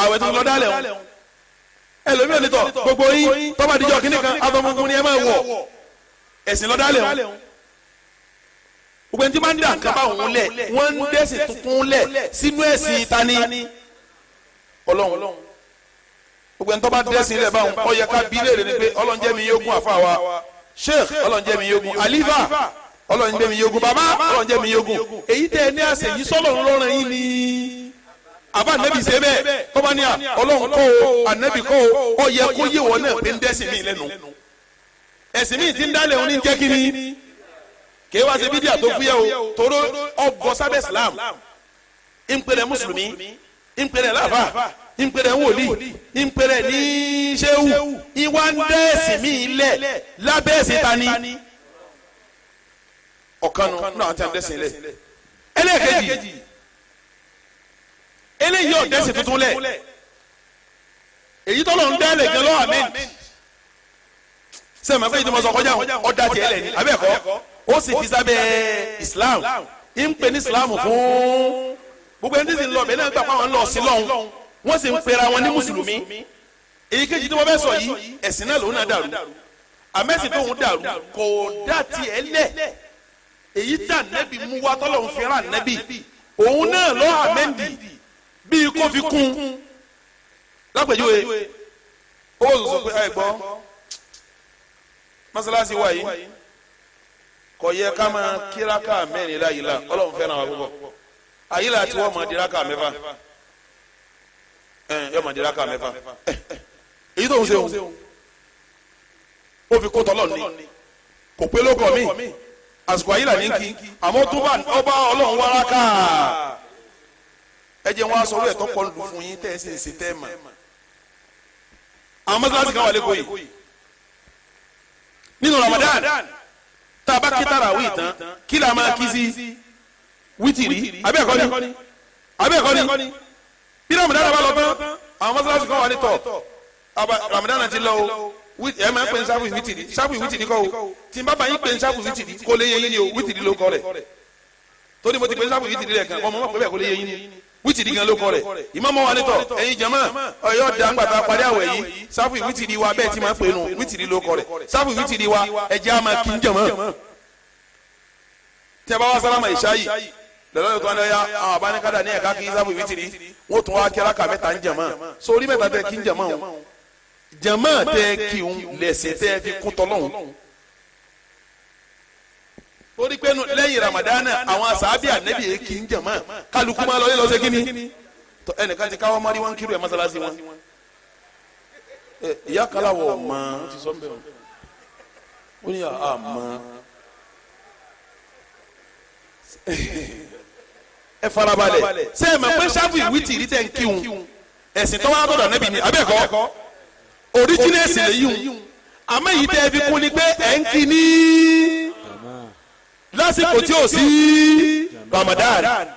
àwẹ̀ tó lọ dálẹ̀ wọn ẹlòmí ò ní tọ gbogbo yín tọ́ba àdìjọ kínní kan afọmọkùnrin ẹ máa wọ ẹ̀sìn lọ dálẹ̀ wọn gbogbo ẹni tí máa ń dà kábà òun lẹ̀ wọ́n ń dẹ́sìn tuntun lẹ̀ sínú ẹ̀sìn ìtani ọlọ́run gbogbo ẹni tọ́ba dẹ́sìn lẹ̀ báwọn ó ká bí léèrè ni pé ọlọ́run jẹ́ mi yógun àfa wa sheikh ọlọ́run jẹ́ mi yógun aliva ọlọ́run jẹ́ mi yógun baba ọlọ́run jẹ́ mi yógun èyí tẹ́ ẹ ní àṣẹ yìí sọ́lọ́run àbá anabi ṣe bẹ́ẹ̀ tọ́ba ní à ọlọ́run kọ́ o anabi kọ́ o ọ yẹ kó yé wọn náà pé ń dẹ́sìn mí lẹ́nu ẹ̀sìn mí ti ń dálẹ̀ òní jẹ́ kínní kí wá ṣe bídíà tó fúyẹ́ o tóró ọbọ sábẹ́ Islam ìpẹrẹ mùsùlùmí ìpẹrẹ láfa ìpẹrẹ wòlíì ìpẹrẹ ní sẹ́wù ìwà ń dẹ́sìn mí lẹ̀ lábẹ́ ẹ̀sìn ọ̀kanu náà ti ń dẹ́sìn lẹ̀ ẹlẹ́ẹ̀kejì eléyìí ò dẹ́sẹ̀ tuntun lẹ̀ èyí tọ́lọ̀ ń dẹ́lẹ̀ gan lọ́wọ́ àmín sẹ́mi àfẹ́yìí tó mọ sọ kọjá ọ̀dà tiẹ̀ lẹ̀ ní abẹ́ẹ̀kọ́ ó sì fi sábẹ́ Islam ń pè ní Islam fún gbogbo ẹni tí sì ń lọ bẹ́ẹ̀ náà gbà pàwọn ń lọ sí lọ́hùn wọ́n sì ń pera wọn ní mùsùlùmí èyí kejì tí wọ́n bẹ́ sọ yìí ẹ̀sìn náà lòun náà dàrú àmẹ́sìn tóun dàrú kò dá tiẹ̀ lẹ̀ èyí tí ànẹ́bí mú wa tọ́lọ̀ ń fẹ́ràn ànẹ́bí òun náà lọ́ àmẹ́ndì bíi kó fi kún lápèjúwe owó sọsọ pé ẹ gbọ́ mọ́sálásí wa yìí kò yẹ ká máa kíráka mẹ́rin láyìí la ọlọ́run fẹ́ràn wa púpọ̀ àyè la ti wọ́n máa diraka mẹ́fà ẹ yọ máa diraka mẹ́fà èyí tó ń sehun ó fi kó tọ́lọ̀ ní kò pé lóko mi àsìkò àyè la ní kí àmọ́ tó bá ọlọ́run wára káà ẹ jẹ́ wọn aṣọ orí ẹ̀tọ́ kọ lù fún yín tẹ́ ẹ sì ń ṣe tẹ́ ẹ mọ̀ àwọn mọ́sálásí kan wà lẹ́kọ̀ọ́ yìí nínú Ramadan tá a bá kí tàràwí tán kí là máa kí sí wítìrí abẹ́ẹ̀kọ́ ni abẹ́ẹ̀kọ́ ni bí Ramadan bá lọ tán àwọn mọ́sálásí kan wà ní tọ̀ Ramadan ti lọ o ẹ máa ń pè ní sáfù wítìrí sáfù wítìrí kọ́ o tí n bá bá yín pè ní sáfù wítìrí kó lè yé yín ni o wítìrí ló kọ́ rẹ̀ tó ní mo ti pè ní sáfù wítìrí rẹ̀ kan ọmọ mọ̀ pé bẹ́ẹ̀ kó lè yé yín ni wítìrì gan ló kọ rẹ̀ ìmọ̀mọ́ wa nítọ̀ ẹ̀yin jẹ̀mọ́ ọ̀yọ́ da ńgbàtà parí àwẹ̀ yìí sáfù wítìrì wa bẹ́ẹ̀ ti máa pè nù wítìrì ló kọ rẹ̀ sáfù wítìrì wa ẹ̀jẹ̀ á máa kí ń jẹ̀mọ́. tẹ́ bá wá sálámà ìṣáyì lọ́lọ́dún tó ń lọ́ya àwọn abánikádà ní ẹ̀ka kí sáfù wítìrì wọ́n tún wá kí alákà mẹ́ta ń jẹ̀mọ́ sórí mẹ́ta tẹ́ kí ń jẹ̀mọ́ torí pé lẹ́yìn ramadana àwọn sàábì ànẹ́bì yìí kì í jẹ̀mọ́ kálukú máa lọlé lọ́sẹ̀ kínní ẹnìkan ti káwọ́ mọ́rí wọn kiri ẹ̀ mọ́sálásí wọn. ìyá kala wọ̀ mọ́ ó ti sọ bẹ́ẹ̀ ó ní àá mọ́ ẹ farabalẹ̀ ṣé ẹ mọ̀ pé ṣáfù ìwí tìrí tẹ̀ ń kíhun ẹ̀sìn tó wá ni abẹ́ẹ̀kọ́ oríjìnẹ̀sì lẹ́yìn àmọ́ èyí tẹ́ ẹ fi kún ni pé ẹ̀ ń kí ní lásìkò tí ò sí Ramadan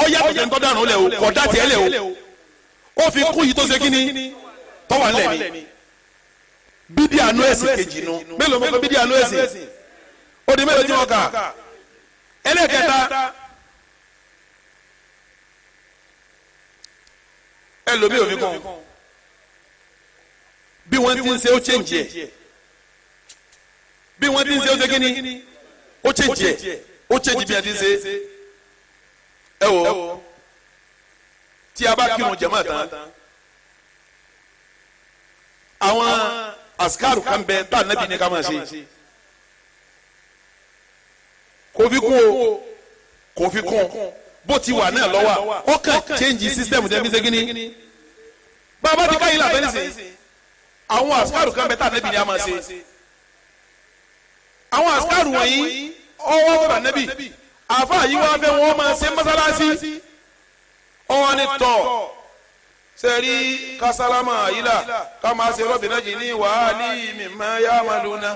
ọyá tó tẹ̀ ń tọ́jà rún lẹ̀ o kọ̀ dá tiẹ̀ lẹ̀ o ó fi kú yìí tó ṣe kíni tọ́wà lẹ̀ ni bídí àánú ẹ̀sìn kejì nu mélòó mọ́ bídí àánú ẹ̀sìn ó di mélòó tí wọ́n kà ẹlẹ́kẹta ẹlòmíì òfin kan bí wọ́n ti ń ṣe ó ṣe ń jẹ bí wọ́n ti ń ṣe ó ṣe kíni. O change ẹ̀ ó change bí ẹ ti ń ṣe ẹ wò tí a bá kírun jẹ̀mọ́ tán àwọn asikaru kan bẹ tá a nàbí ni ká máa ṣe kò fi kún o kò fi kún bó ti wà náà lọ́wọ́ ó kàn change system jẹ́ bí ṣe gíní bàbá ti káyìí làbẹ́ nísìnyí àwọn asikaru kan bẹ tá a nàbí ni máa ṣe àwọn asikaru wọ̀nyí ọwọ́ bàbá nẹ́bí àfa yìí wá fẹ́ wọ́n máa ṣe mọ́sálásí ọwọ́ ni tọ̀ sẹ́rí kásálámà àyílà ká máa ṣe rọ́bìnrin jì ní wàá ní mímọ́ yá máa lóna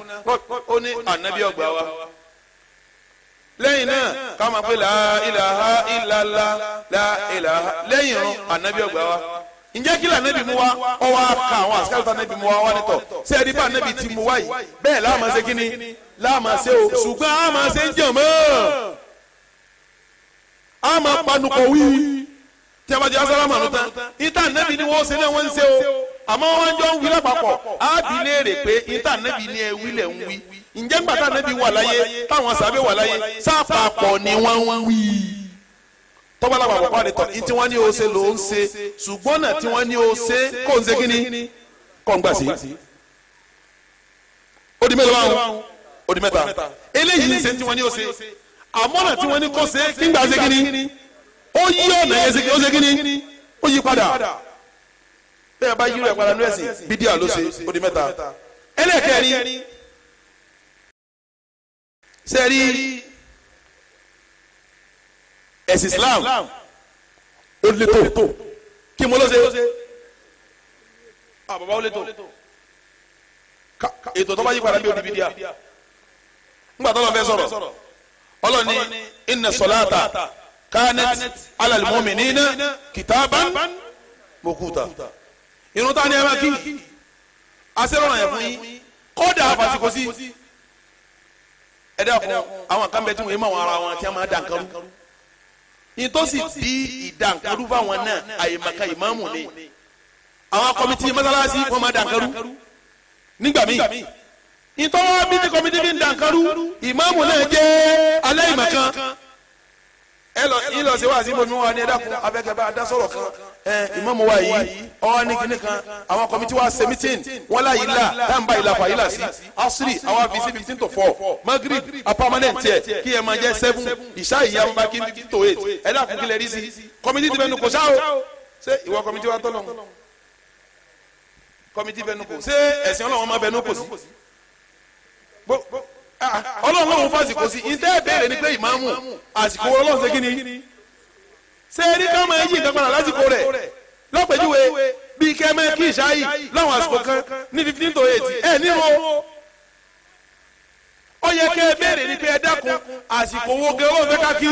ó ní ànábì ọgbà wa lẹ́yìn náà ká máa pè la ilaha illallah la ilaha lẹ́yìn ọ̀run ànábì ọgbà wa ǹjẹ́ kí lànà ibi mu wa ọwọ́ aka àwọn àsìkò tó nàbí mu wa wà nítọ̀ ṣé ẹni bá nàbí ti mu wa yìí bẹ́ẹ̀ láàmà ṣe kí ni láàmà ṣe o ṣùgbọ́n àmà ṣe ń jẹun mọ́ àmà panupọ̀ wí tí a bá jẹ́ asálámà ló tán ìta nàbí ni wọ́n ṣe náà wọ́n ń ṣe o àmọ́ wọ́n jọ ń wí lápapọ̀ ábí léèrè pé ìta nàbí ni ẹ wí lẹ̀ ń wí ǹjẹ́ gbàtà nàbí wà láyé táwọn sàbẹ̀ wà láyé sápapọ̀ ni wọ́n ń wí tọ́gbàlagbà wọ̀ kọ́ ni tọ́ ní tí wọ́n ní o ṣe ló ń ṣe ṣùgbọ́n náà tí wọ́n ní o ṣe kó ń ṣe kí ni kọ́ ń gbà sí. ó di mélòó báwọn ó di mẹ́ta eléyìí ń ṣe tí wọ́n ní o ṣe àmọ́ náà tí wọ́n ní kó ṣe kí ń gbà ṣe kí ni ó yí ọ̀nà yẹn ṣe kí ó ṣe kí ni ó yí padà bẹ́ẹ̀ bá yí rẹ̀ padà ní ẹ̀sìn bídíà ló ṣe ó di mẹ́ta ẹlẹ́kẹ̀ẹ́rin ẹ̀sìn Islam ó lè tó kí mo ló ṣe àbàbà ah, ó lè tó ètò tó bá yí padà bí odi bìdíà ńgbà tó lọ fẹ́ sọ̀rọ̀ ọlọ́ni inna salata kanat ala al-mu'minina kitaban irun tá ni ẹ máa kí asẹ́rọ̀ràn yẹn fún yín kódà àfàsìkò sí ẹ dẹ́kun àwọn kan bẹ wọ́n yé mọ̀ àwọn ara wọn tí wọ́n máa ìtòsí bí ìdàǹkarú fáwọn náà àyèmàkà ìmáàmù ni àwọn kọmitì mọ́sálásí wọn máa dàǹkarú nígbà míì ìtọ́wọ́ bí ní kọmitì bí ń dàǹkarú ìmáàmù náà jẹ́ aláìmọ̀kan ẹ lọ ilọ sí wàásù ìbomi wa ni ẹ dákun abẹ́kẹ́bá adásọ̀rọ̀ kan ẹ ìmọ̀mù wa yìí ọwọ́ ní kinní kan àwọn kọ́mítì wa ṣe mítìn wọn láyé ilà dáńbà ilà fà ilà sí asiri àwọn afi sí to four magrib apamọ́nẹ̀ tiẹ̀ kí ẹ máa jẹ́ seven ìṣá ìyá ń bá kí fifteen to eight ẹ dákun kílẹ̀ rí sí kọ́mítì ti bẹ́ẹ̀ nu kò o ṣé ìwọ kọ́mítì wa tọ́lọ̀ kọ́mítì bẹ́ẹ̀ nu kò ṣé ẹ̀sìn ọlọ́run máa bẹ́ẹ̀ nu bo sí ọlọ́run lòun fàsìkò sí ntẹ́ ìbéèrè ni pé ìmáàmù àsìkò ọlọ́run ṣe kíni ṣé eré ká máa yí nǹkan padà lásìkò rẹ̀ lọ́pẹ̀júwe bíi kẹ́mẹ́ kí ìṣáyì láwọn àsìkò kan ní fifteen to eight ẹ̀ níro ó yẹ kẹ́ ẹ béèrè ni pé ẹ dákun àsìkò wo gẹ́ ọlọ́run fẹ́ ká kí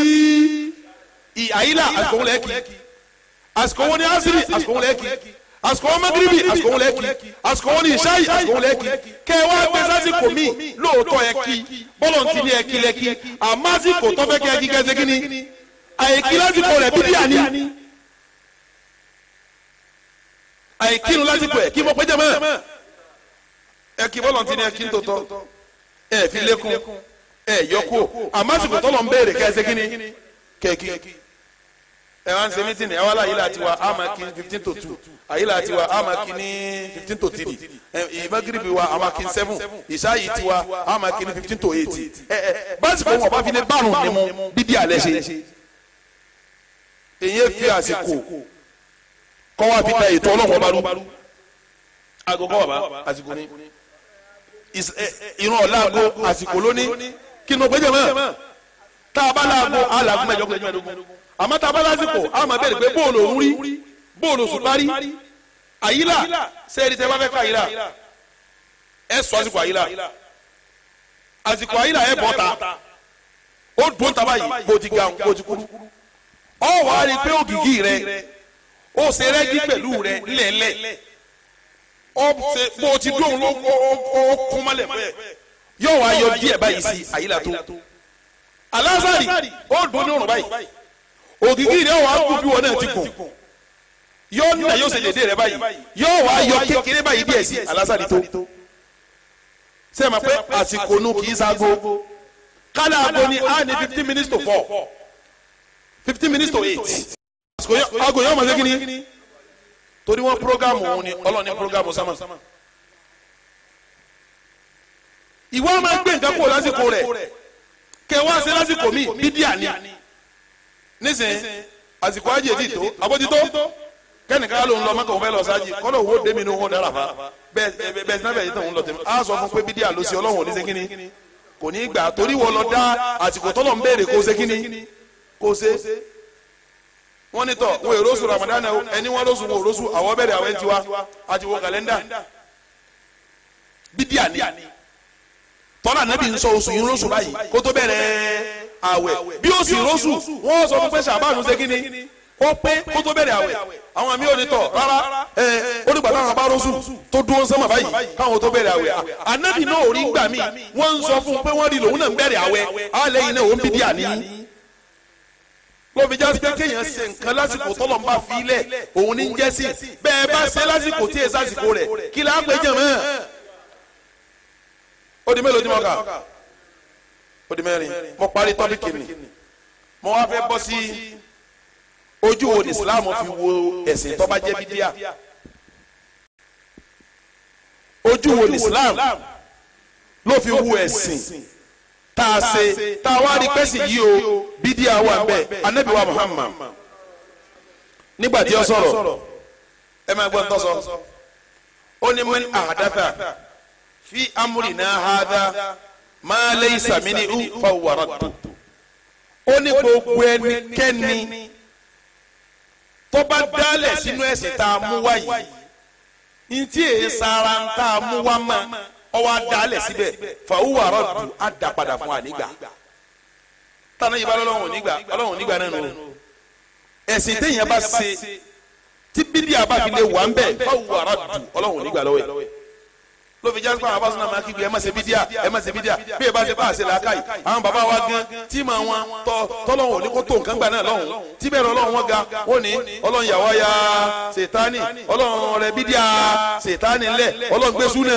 àyílà àsìkò wọn lẹ́kì àsìkò wọn ni àsìkò wọn magiribi àsìkò wọn lẹ́kì àsìkò wọn ìṣáì àsìkò wọn lẹ́kì kẹ wá gbé sásìkò mi lóòótọ́ ni ẹ kí lẹ́kì àmọ́ àsìkò tó fẹ́ kẹ́ ẹ kí kẹ́ ẹ ṣe kí ni àyèkí lásìkò rẹ̀ bídíà ni àìkínu lásìkò ẹ kí mo péjẹ mọ ẹ kí bọ́lọ̀ ntí ni ẹ kí n tó fi lékun ẹ yọkú àmọ́ àsìkò tọ́lọ̀ ń béèrè kẹ́ ẹ ṣe ẹ wá ń ṣe mítìnì ẹ wá láyé láti wá àmà kí fifteen to two àyè láti wá àmà kí ní fifteen to three ìmọ̀gìrìbì wa àmà kí ní seven ìṣáyìí ti wá àmà kí ní fifteen to eight ẹ ẹ básìkò wọn bá fi lé bárùn ní mu bíbí àlẹ́ ṣe èyí fi àsìkò kọ́ wá fi da ètò ọlọ́wọ́ bá rú agogo bàbá àsìkò ni irun ọ̀la ago àsìkò lóní kí ni o gbẹ́jẹ̀ mọ́ tá a bá láago alàgùn mẹ́jọ kúlẹ̀ Amata tá a bá lásìkò a máa bẹ̀rẹ̀ pé bóòlù òun rí bóòlù òṣùpá rí àyílà sẹ́ẹ̀rì tẹ́ bá fẹ́ ká àyílà ẹ sọ àsìkò àyílà àsìkò àyílà ẹ bọ́ ta ó dùn tàbá yìí bó ti ga bó ti kúrú ọ wàá rí i pé ògìgì rẹ ó ṣe rẹ́gí pẹ̀lú rẹ lẹ́lẹ́ bó ti dóhùn ló kún mọ́lẹ̀ bẹ́ẹ̀ yóò wá yọ díẹ̀ báyìí sí àyílà tó alásàrì ó dùn ní ògìgì rẹ̀ wà á kú bí wọn náà ti kùn yóò nà yóò ṣe dédé rẹ̀ báyìí yóò wà á yọ kékeré báyìí díẹ̀ sí alásàdì tó sẹ́ẹ̀ ma pé àsìkò nu kì í ságo kálá aago ni a ní fifteen minutes to four fifteen minutes to eight àsìkò aago yóò máa ṣe kíni torí wọn programu òun ni ọlọ́ọ̀ni programu sámà ìwọ máa gbé nǹkan kúrò lásìkò rẹ̀ kẹwàá ṣe lásìkò mi bídíà ni nísìnyí àsìkò ajé ti tó abótító kẹ́nìkan ló ń lọ mẹ́kàn òun fẹ́ lọ sáájì kọ́dọ̀ wo dé mi ní òun dára fa bẹ́ẹ̀ bẹ́ẹ̀ sinabẹ́ yìí tó ń lọ tẹ̀mí á sọ fún pé bídí àlọ́sí ọlọ́run ò ní sẹ́kínni kò ní gbà torí wọ́n lọ dá àsìkò tọ́lọ̀ ń béèrè kó sẹ́kínni kó ṣe wọ́n ní tọ̀ wọ́n èrò oṣù Ramadan ẹni wọ́n lóṣù wọ́n lóṣù àwọn bẹ̀rẹ̀ àwọn ẹni tiwa àti wọ́n kàlẹ́ndà bídí àní tọ́lá nàbì ń sọ oṣù yìí lóṣù báyìí kó tó àwẹ̀ bí ó sì rọ́ṣù wọ́n sọ fún pé ṣàbánu ṣe kí ni ó pé kó tó bẹ̀rẹ̀ àwẹ̀ àwọn àmì òní tọ̀ rárá ẹ ó dìgbà táwọn bá rọ́ṣù tó dúró sánmà báyìí káwọn tó bẹ̀rẹ̀ àwẹ̀ ànábì náà ò rí gbà mí wọ́n ń sọ fún un pé wọ́n rí lòun náà ń bẹ̀rẹ̀ àwẹ̀ alẹ́ yìí náà ó ń bídí àní ló fi jásí pé kéèyàn ṣe nǹkan lásìkò tọ́lọ̀ ń bá fi ilẹ̀ òun ní jẹ́ sí bẹ́ẹ̀ bá ṣe lásìkò tí èsì àsìkò rẹ̀ kí láàpẹ̀ jẹ̀ ó di mẹ́rin mo parí tọ́pìkì mi mo wá fẹ́ bọ́ sí ojú wo ni islam fi wo ẹ̀sìn tó bá jẹ́ bídíà ojú wo ni islam ló fi wo ẹ̀sìn tá a ṣe tá a wá rí pẹ́sì yìí o bídíà wà bẹ́ẹ̀ anabi wa muhammad nígbà tí ó sọ̀rọ̀ ẹ máa gbọ́ tó sọ ó ní man ahdatha fi amrina hadha máa lé ìsàmìnì ufa wàràtò ó ní gbogbo ẹnikẹ́ni tó bá dálẹ̀ sínú ẹ̀sìn tá a mú wá yìí ní tí èyí sara ń tá a mú wá mọ́ ọ wá dálẹ̀ síbẹ̀ fàwùwà á dà padà fún wa nígbà yìí bá lọ́wọ́ nígbà ọlọ́wọ́ nígbà náà ẹ̀sìn téèyàn bá ṣe tí bídíà bá lè wà ń bẹ̀ fàwùwà ọlọ́wọ́ nígbà lọ́wọ́ yìí ló fi jáde pé àwọn abásùnà máa kígbe ẹ má ṣe bí díà ẹ má ṣe bí díà bí ẹ bá ṣe bá àṣẹ làákà yìí àwọn bàbá wa gan tí màá wọn tọ tọ́lọ́hún òní kó tó nǹkan gbà náà lọ́hùn tí bẹ́ẹ̀ ọlọ́run wọn ga ó ní ọlọ́run yàwá ya ṣètánì ọlọ́run rẹ bí díà ṣètánì lẹ̀ ọlọ́run gbé súnà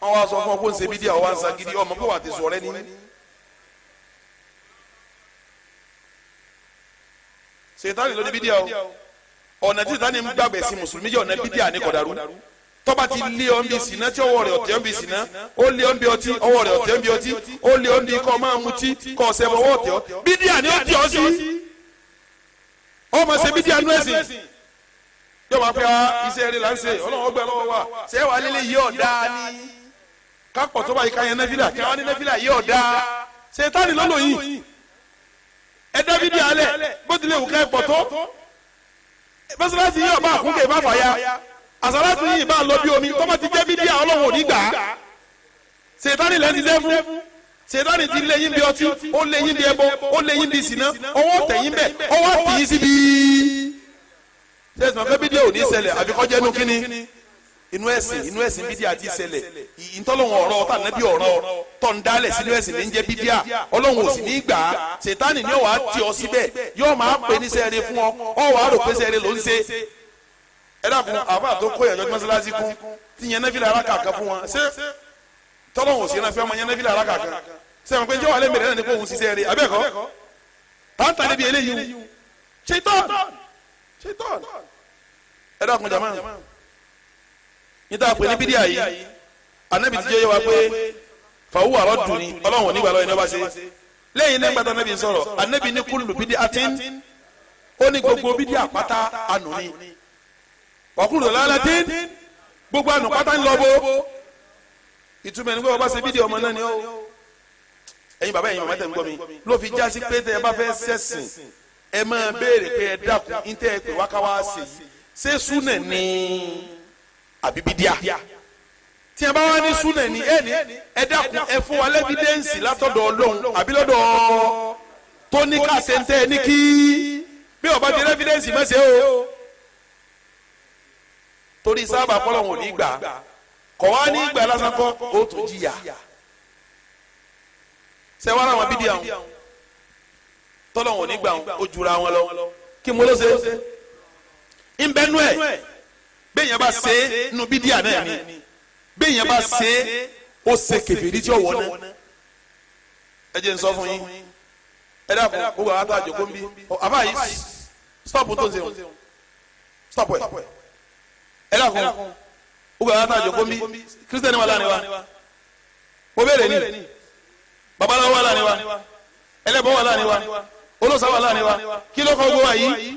wọn wá sọ fún ọ kó ń ṣe bí díà ọ wá ń sa gidi ọmọ pé wà á ti sọ rẹ ní. ṣètánì ló ní bí díà ọ ọ̀nà tí ṣètánì ń gbàgbẹ́ sí mùsùlùmí tọ́ba ti lé ọ́n bí sinna tí ọwọ́ rẹ̀ ọ̀tẹ̀ ọ́n bí sinna ó lé ọ́n bí ọtí ọwọ́ rẹ̀ ọ̀tẹ̀ ọ́n bí ọtí ó lé ọ́n bí kọ́ máa mutí kọ́ ọ̀sẹ̀ bọ̀wọ́ ọ̀tẹ̀ ọ́ bídíà ni ó ti ọ́ sí ọmọ ṣe bídíà nú ẹ̀sìn yóò máa pẹ́ wá ah, iṣẹ́ rẹ̀ là ń ṣe ọlọ́run ọgbà lọ́wọ́ wa ṣé wàá lélẹ̀ yìí ọ̀dà ni kápọ̀ tó bá yìí káyẹn nẹ́fìlà kí wọ́n ní nẹ́fìlà yìí ọ̀dà ṣètánì lọ́nà yìí ẹ̀dá bídíà alẹ̀ bó tilẹ̀ wù ká àsálàtù yìí bá lọ bí omi tọ́mọ ti jẹ́ bíbí àwọn ọlọ́run ò ní gbà á ṣètánì lẹ́ni lẹ́fún ṣètánì ti lé yín bí ọtí ó lé yín bí ẹbọ ó lé yín bí sìná ọwọ́ tẹ̀yìn bẹ́ẹ̀ ọwọ́ tìyín síbi. sẹ́sìmọ̀ fẹ́ bídíà ò ní ṣẹlẹ̀ àfikọ́jẹ́ inú kínní inú ẹ̀sìn inú ẹ̀sìn bídíà ti ṣẹlẹ̀ ìtọ́lọ́wọ̀n ọ̀rọ̀ ọ̀tá nẹ́bí ọ̀rọ̀ tọ́ ń dálẹ̀ sínú ẹ̀sìn ní ń jẹ́ bídíà ọlọ́run ò sì ní gbà á ṣètánì ni ó wàá ọ síbẹ̀ yóò máa pè ní sẹ́ẹ̀rẹ̀ fún ọ ọ rò pé sẹ́ẹ̀rẹ̀ ló ń ṣe ẹ dàbọ̀ àbá tó kó yẹn lọ́jọ́ mọ́sálásí kún ti yẹn nẹ́fìlà ara kàkan fún wọn ṣé tọ́lọ́hùn sí ẹnafẹ́ ọmọ yẹn nẹ́fìlà ara kàkan ṣé wọn pé jẹ́ wàhálẹ́ mẹ́rẹ́ náà ni kò ń ṣiṣẹ́ rẹ̀ abẹ́kọ́ tàǹtà níbi eléyìí ṣetán ṣetán ẹ dàbọ̀ jama níta pé ní bídíà yìí anabi ti jẹ́ wa pé fàwù àrọ́ dùn ní ọlọ́run nígbà lọ́yìn náà bá ṣe lẹ́yìn náà gbàtà ọkùnrin lọ́la dín gbogbo àná pátá ń lọ bó ìtumọ̀ ẹni pé bàbá ṣe fídíò ọmọ náà ni ó ẹ̀yin bàbá ẹ̀yin màmá tẹ̀ ń gbọ́ mi ló fi já sí pé tẹ ẹ bá fẹ́ sẹ́sìn ẹ máa béèrè pé ẹ dákun ní ẹ pè wá sí i ṣé súnà ní àbíbídíà tí a bá wá ní súnà ní ẹ ní ẹ dákun ẹ fún wa lẹ́fídẹ́ǹsì látọ̀dọ̀ ọlọ́run àbí lọ́dọ̀ tó ẹ ní kí bí ọba ti lẹ́fídẹ́ǹsì mẹ́sẹ̀ o torí sábà pọ́lọ́hún ò ní gbà kọ̀ wá ní gbà lásán kọ́ ó tún jìyà ṣe wá láwọn bídìí àwọn tọ́lọ́hún ò ní gbà ó jura wọn lọ kí mo ló ṣe ń bẹ́nu ẹ̀ bẹ́ẹ̀ yẹn bá ṣe é nu bídìí àná ni bẹ́ẹ̀ yẹn bá ṣe é ó ṣe kẹfìrí tí ó wọ̀ náà ẹ jẹ́ n sọ fún yín ẹ dàpọ̀ gbogbo àwọn àtàjọ kó ń bí àbáyé stop tó ń ṣe wọn stop ẹ ẹ dàkún ó bẹ̀rẹ̀ wá tàjọ kó mi kírísítẹ́nì wà láàrin wa mo béèrè ni babaláwo wà láàrin wa ẹlẹ́bọ wà láàrin wa olóòsà wà láàrin wa kí ló kọ́ gbogbo wa yìí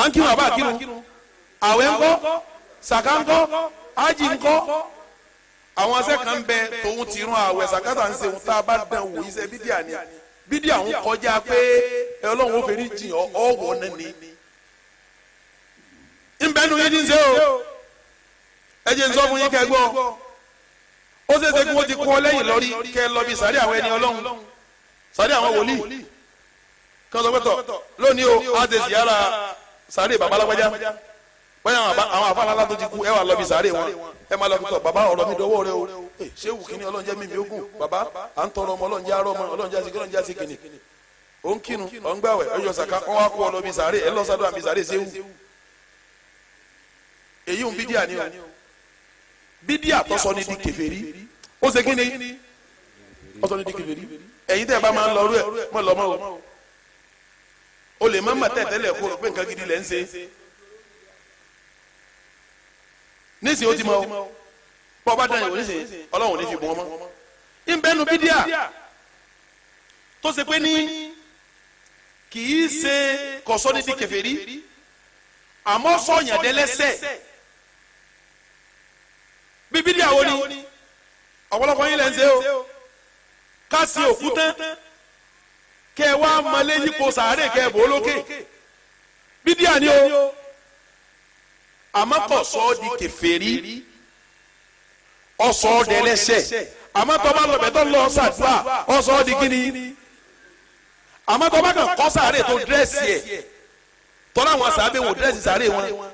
à ń kírun àbá kírun àwẹ̀ ńkọ́ sàká ńkọ́ ájì ńkọ́ àwọn asẹ́ kan bẹ tòun ti rún àwẹ̀ sàkátà ń sehun tá a bá dán wò iṣẹ́ bídíà ni bídíà ń kọjá pé ọlọ́run ó fẹ́rí jìn ọ́ ọ̀wọ́ náà ni nbẹ nu yín ti ń ṣe o ẹ jẹ́ nsọ fún yín kẹ́ gbọ́ ó ṣe é ṣe kí wọ́n ti kọ́ lẹ́yìn lọ́rí kẹ́ lọ bí sàrí àwọn ẹni ọlọ́run sàrí àwọn wòlíì kí wọ́n sọ pé tọ̀ lónìí o á ti sì yára sàrí bàbá alágbájá báyà àwọn afáàlálá tó ti kú ẹ wà lọ bí sàrí wọn ẹ máa lọ bí tọ̀ bàbá ọ̀rọ̀ mi dọwọ́ rẹ o ṣé wù kíní ọlọ́run jẹ́ mímí ogún bàbá à ń tọrọ ọmọ ọlọ́run jẹ́ arọ́ ọmọ ọlọ́run jẹ́ àṣekí ọlọ́run jẹ́ àṣekìnì òun kírun ọ̀ ń gbàwẹ̀ ọjọ́ sàká wọn wá kó èyí ń bídíà ni o bídíà tó sọ ni di kèfèrí ó ṣe kí ni ó sọ ni di kèfèrí ẹ̀yin tẹ́ ẹ bá máa ń lọ rú ẹ̀ mọ̀ lọ́mọ́ o o lè má mà tẹ̀tẹ̀lẹ̀ kó o pé nǹkan gidi lẹ̀ ń ṣe nísìnyí ó ti mọ o bọ́ bá dán oníṣẹ́ ọlọ́run ní fi bọ́ ọmọ ìbẹ́nu bídíà tó ṣe pé ní kì í ṣe kọ̀sọ́ni di kèfèrí àmọ́ sọ̀yàn dẹ́lẹ́sẹ̀ bíbélì àwọn ni ọ̀pọ̀lọpọ̀ yín lẹ́ ń ṣe o ká sí òkú tán kẹ ẹ wá malé yípo sàárè kẹ ẹ bò ó lókè bíbélì àní o àmọ́ kò sọ ọ́ di kèfèrí ọ sọ ọ́ dẹ́lẹ́sẹ̀ àmọ́ lọ sàdúrà ọ di kíni àmọ́ tó bá kàn kọ́ sàárè tó dírẹ́sì tọ́lá àwọn sàábẹ̀ wò dírẹ́sì sàárè wọn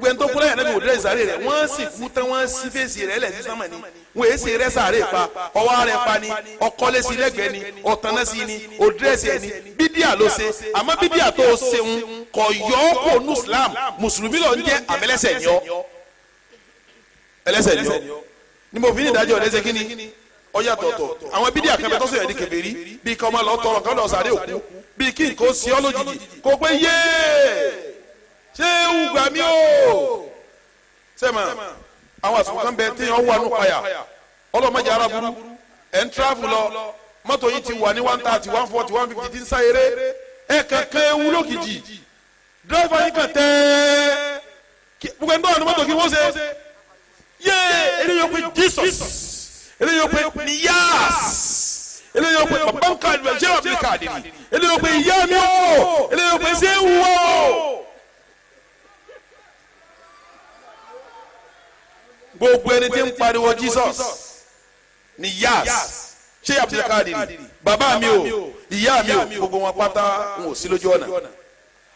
gbogbo ẹni tó kú láyà nàbí wò dẹ́rẹ́ sàárè rẹ̀ wọ́n sì kú tán wọ́n sì fèsì rẹ̀ lẹ̀ sísan mọ̀ ni wọ́n èsì rẹ̀ sàárè pa ọwọ́ rẹ̀ pa ni ọkọ́lé sí lẹ́gbẹ̀ẹ́ ni ọ̀tánná sí ni òdírẹ́sì ẹ̀ ni bídíà ló ṣe àmọ́ bídíà tó ṣeun kò yọ ọ́ kó nu Islam mùsùlùmí ló jẹ́ àmẹ́lẹ́sẹ̀ ni ẹlẹ́sẹ̀ ni ni mo fi ní ìdájọ́ ẹlẹ́sẹ̀ kí ni ọ yàtọ̀tọ̀ àwọn bídíà kan bẹ tó sọ̀rọ̀ ẹni kèfèrí bíi kọ́ ọmọ lọ tọrọ kọ́ òkú bíi kí nǹkan ó sí ọ lójijì kó pé yéé ṣéwù gbà mí o sẹ́mà àwọn àsìkò kan bẹ téèyàn wà nù payà ọlọ́mọdé aráburú ẹ̀ ń tíráfù lọ mọ́tò yìí ti wà ní one thirty one forty one fifty ti ń sá eré ẹ̀ kankan ewu lókìjì dírẹ́fà yìí kan tẹ́ gbogbo ẹni tó wà ní mọ́tò kí wọ́n ṣe yé eléyìí ó pe Jesus eléyìí ó pe niyas ele yoo pe papa nkaadu ẹ jẹ ọbẹ kaadi ni ele yoo pe iya mi o ele yoo pe sewu o gbogbo ẹni tí ń pariwo Jesus ni yas ṣé abdulkadiri bàbá mi o ìyá mi o gbogbo wọn pátá ń wò sí lójú ọ̀nà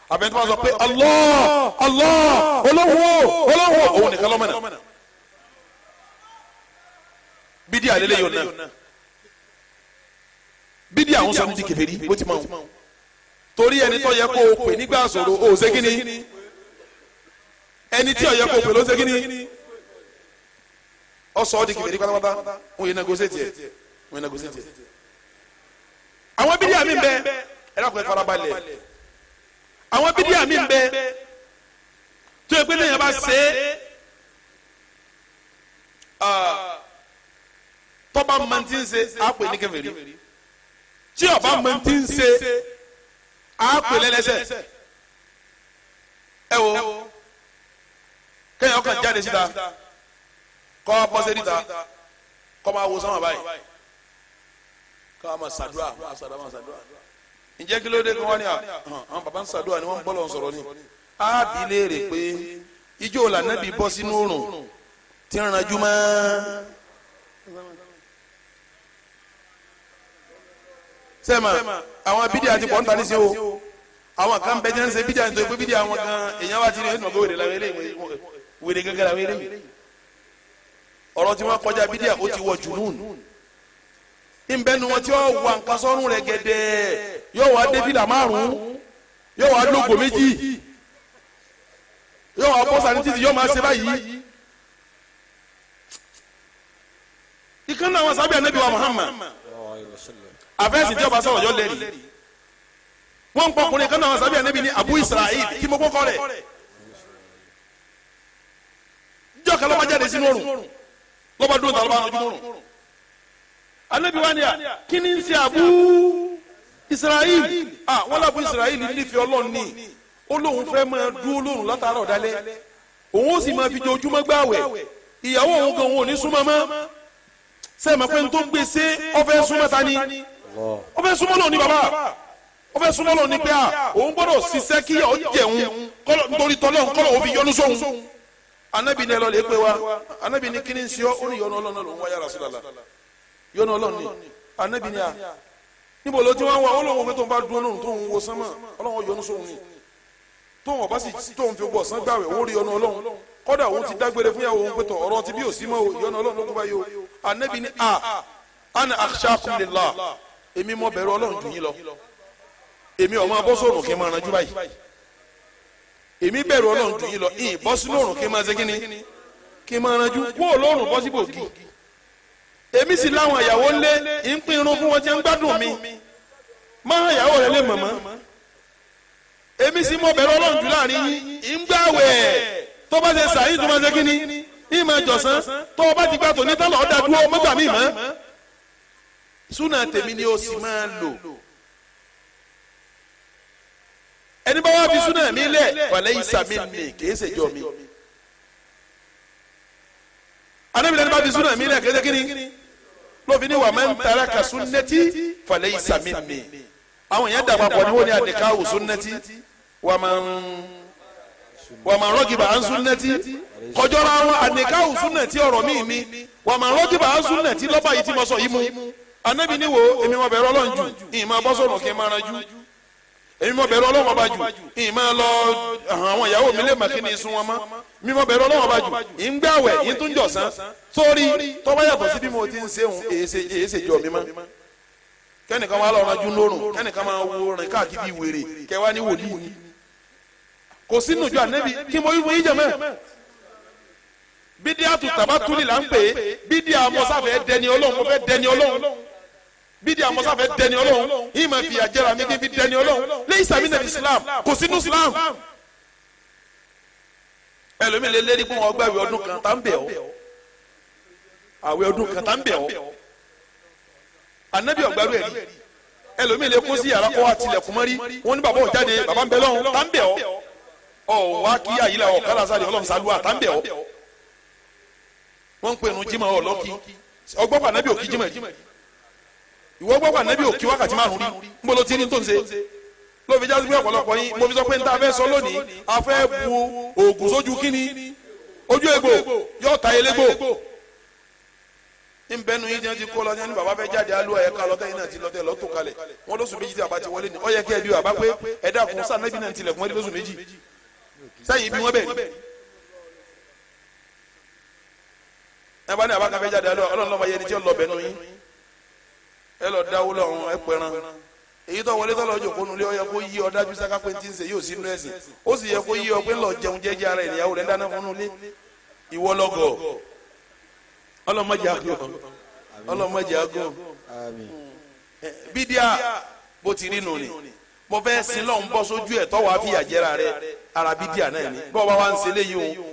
àbẹ̀ tí wọ́n sọ pé Allah Allah olówó olówó òun nìkan lọ́mọ̀nà bídí àlélẹ́ yóò náà bídí àwọn sọ ní ti kèfèrí bó ti máa wù torí ẹni tó yẹ kó o pè nígbà sọ̀rọ̀ o ò ṣe kí ni ẹni tí ò yẹ kó o pè ló ṣe kí ni ọsọ ọdi kìfìrí pátápátá wọn yìí negotiate yẹ wọn yìí negotiate yẹ. àwọn bídíà mi bẹ ẹ̀rọ kò farabalẹ̀ àwọn bídíà mi bẹ tó yẹ pé lẹ́yìn bá ṣe tọ́ba mọ̀ntì ń ṣe àpò ní tí ọba mọ̀ntì ń ṣe àpò lẹ́lẹ́sẹ̀ ẹ wo kẹ́yìn jáde síta kọ́ bọ́ sí níta kọ́ máa wo sọ́mọ̀ báyìí kọ́ máa ṣàdúrà máa ṣàdúrà máa ṣàdúrà ǹjẹ́ kí ló dé kí wọ́n ní àwọn bàbá ń ṣàdúrà ni wọ́n ń bọ́ lọ́n sọ̀rọ̀ ni á bí léèrè pé ijó lànàbí bọ́ sínú òrùn tí ń ranjú mọ́ sẹ́mà àwọn bídíà ti pọ̀ ń ní sí o àwọn kan bẹ́ẹ̀ jẹ́ ń ṣe bídíà nítorí pé bídíà wọn kan èèyàn wá ti rí ẹ̀sìn ọ̀gbẹ́ wèrè la wẹ́rẹ́ wèrè la wẹ́rẹ́ ọ̀rọ̀ tí wọ́n kọjá bídíà ó ti wọ jùnún nbẹnu wọn tí wọ́n wọ àǹkasọ́rùn rẹ̀ gẹ̀dẹ̀ yóò wá dẹ́fìlà márùn-ún yóò wá lógo méjì yóò wá bọ́ sanitisi yóò máa ṣe báyìí. ìkànnì àwọn sábẹ́ anabi wa Muhammad àfẹ́sì tí ọba sọ̀rọ̀ yọ lẹ́rìí wọ́n ń pọ̀ ọkùnrin kan náà anabi ní Abu Israel kí mo kọ́kọ́ rẹ̀ jọ́kẹ́ lọ́mọdé àdé sínú ọ̀rùn lọ́ba dúró tàbí ọba ojúmọ́ rùn. anabi wa a kí ni ń ṣe àbú israel ah wọn làbú israel nífẹ̀ẹ́ ọlọ́run ni ó lóun fẹ́ máa dúró lóòrùn látara ọ̀dálẹ́ òun ó sì máa fi jojúmọ́ gbààwẹ̀ ìyàwó òun kan òun ò ní súnmọ́ mọ́ sẹ́ẹ̀mọ́ pé n tó gbèsè ọ̀fẹ́ súnmọ́ ta ni ọ̀fẹ́ súnmọ́ lòun ni bàbá ọ̀fẹ́ súnmọ́ lòun ni pé a òun gbọ́dọ̀ ṣiṣẹ́ kí ọ̀ jẹun nítorí tọ́lọ́ nǹkan òun fi yọnu sóhun anabi ní ẹ lọ lè pé wa anabi ní kíni sí ọ ó ní yọnu ọlọ́run ló ń wá ya Rasulullah yọnu ọlọ́run ni anabi ní a níbo ló ti wá wá ó lóun òfin tó ń bá dún ọlọ́run tó ń wo sánmà ọlọ́run yọnu sóhun ni tóun ọba sì tóun fi gbọ̀ sán gbàwẹ̀ ó rí yọnu ọlọ́run kọ́dà òun ti dágbére fún yàwó òun pẹ̀tọ̀ ọ̀rọ̀ ti bí òsì mọ́ yọnu ọlọ́run ló kó bá yọ anabi ní a ana akhshakum lillah èmi mọ bẹ̀rù ọlọ́run jù yín lọ èmi ọ̀ máa bọ́ sóòrùn kí n máa èmi bẹ̀rù ọlọ́run jù yín lọ ìyìn bọ́ sínú òrùn kí n máa ṣe kí ni kí n máa ranjú kó olóòrùn bọ́ síbò kí èmi sì láwọn ìyàwó ńlé ń pín irun fún wọn jẹ́ ń gbádùn mi máa ìyàwó rẹ lé mọ̀mọ́ èmi sì mọ bẹ̀rù ọlọ́run jù láàrin yín ń gbàwẹ̀ tó bá ṣe sàyìn tó máa ṣe kí ni ìmọ̀ jọ̀sán tó o bá ti gbà tó ní tálọ̀ ọ̀dà dúró mọ́gbà mí mọ́ súnà tèmi ni o sì máa lò ẹni bá wá fi súnà mi lẹ̀ wàlẹ́ ìsàmì nì kìí ṣèjọ mi anábìlẹ̀ ẹni bá fi súnà mi lẹ̀ kìí ṣe kíni lófin ni wà máa ń tara ka súnnẹ́tì fàlẹ́ ìsàmì nì àwọn èèyàn dàgbà pọ̀ níwọ̀n ní àdìkáwò súnnẹ́tì wà máa ń wà máa rọ́gìbà á ń súnnẹ́tì kọjọ́ra wọn àdìkáwò súnnẹ́tì ọ̀rọ̀ míì ni wà máa rọ́gìbà á ń súnnẹ́tì lọ́ba yìí tí mo sọ yìí mu anábì ni wo èmi wọn bẹ̀rẹ̀ ọlọ́njú ìyìn máa bọ́ sọ̀rọ̀ kí n máa èmi mọ̀ bẹ̀rù Ọlọ́run ọba jù ìyìn máa lọ àwọn ìyàwó mi lè mà kí ni sun wọn mọ́ mi mọ̀ bẹ̀rù Ọlọ́run ọba jù ì ń gbàwẹ̀ ì ń tún jọ̀sán sórí tọ́ba yàtọ̀ sí bí mo ti ń èyí ṣe jọ mi kẹ́nìkan wà ni kò ànẹ́bí kí mo mẹ́ bídíà tù là ń pè é bídíà mọ́sáfẹ́ dẹni Ọlọ́run mo bí di àmọ́sá fẹ́ dẹni ọlọ́run yìí máa fi àjẹrà mi kí dẹni ọlọ́run lẹ́yìn sàmì nàbí islam kò sínú islam. ẹlòmíì lè lérí pé wọn gbà àwẹ̀ ọdún kan tá ń bẹ̀ ọ́ àwẹ̀ ọdún kan tá ń bẹ̀ ọ́ ànábì ọ̀gbàrú ẹ̀rí ẹlòmíì lè kó sí yàrá kó wa tilẹ̀kùn mọ́rí wọn ní bàbá ò jáde bàbá ń bẹ lọ́hùn tá ń bẹ̀ ọ́ ọ̀ wá kí àyílẹ̀ ọ̀ kálá ọlọ́run sálúwà ìwọ gbọ́ ànábì òkè wákàtí márùn rí ń bolo tí ní tó ń ṣe ló fi jásí pé ọ̀pọ̀lọpọ̀ yín mo fi sọ pé n ta fẹ́ sọ lónìí a fẹ́ bu oògùn sójú kínní ojú egbò yóò ta elégbò ń bẹnu yín tí wọn ti kó lọ ní ẹni bàbá fẹ́ jáde alú ẹ̀ ká lọ́tẹ̀ yín náà ti lọ́tẹ̀ lọ́tò kalẹ̀ wọn lóṣù méjì tí a bá ti wọlé ni ó yẹ kí ẹ bí bàbá pé ẹ dákun sáà nábì náà tilẹ̀kùn wọlé lóṣù méjì sẹ́yìn bí wọ́n bẹ̀ ni ẹ bá ní abákan fẹ́ jáde alú ọlọ́run lọ́mọ yẹni tí ó lọ bẹ̀ nù yín ẹ lọ dáwó lọ́hún ẹ pẹran èyí tó wọlé tó lọ jòkó nulẹ̀ ó yẹ kó yí ọ dájú sáká pé tí ń ṣe yóò sí inú ẹ̀sìn ó sì yẹ kó yí ọ pé lọ jẹun jẹjẹ ara ìyàwó rẹ dáná fún nulẹ̀ ìwọ lọgọ ọlọmọdé àgọ ọlọmọdé àgọ bídíà bó ti rí nù ni mo fẹ́ sin lọ́hún bọ́ sójú ẹ̀ tọ́wọ́ àfìyà jẹ́ra rẹ ara bídíà náà ni bọ́ọ̀ bá wa ń ṣe léyìí o.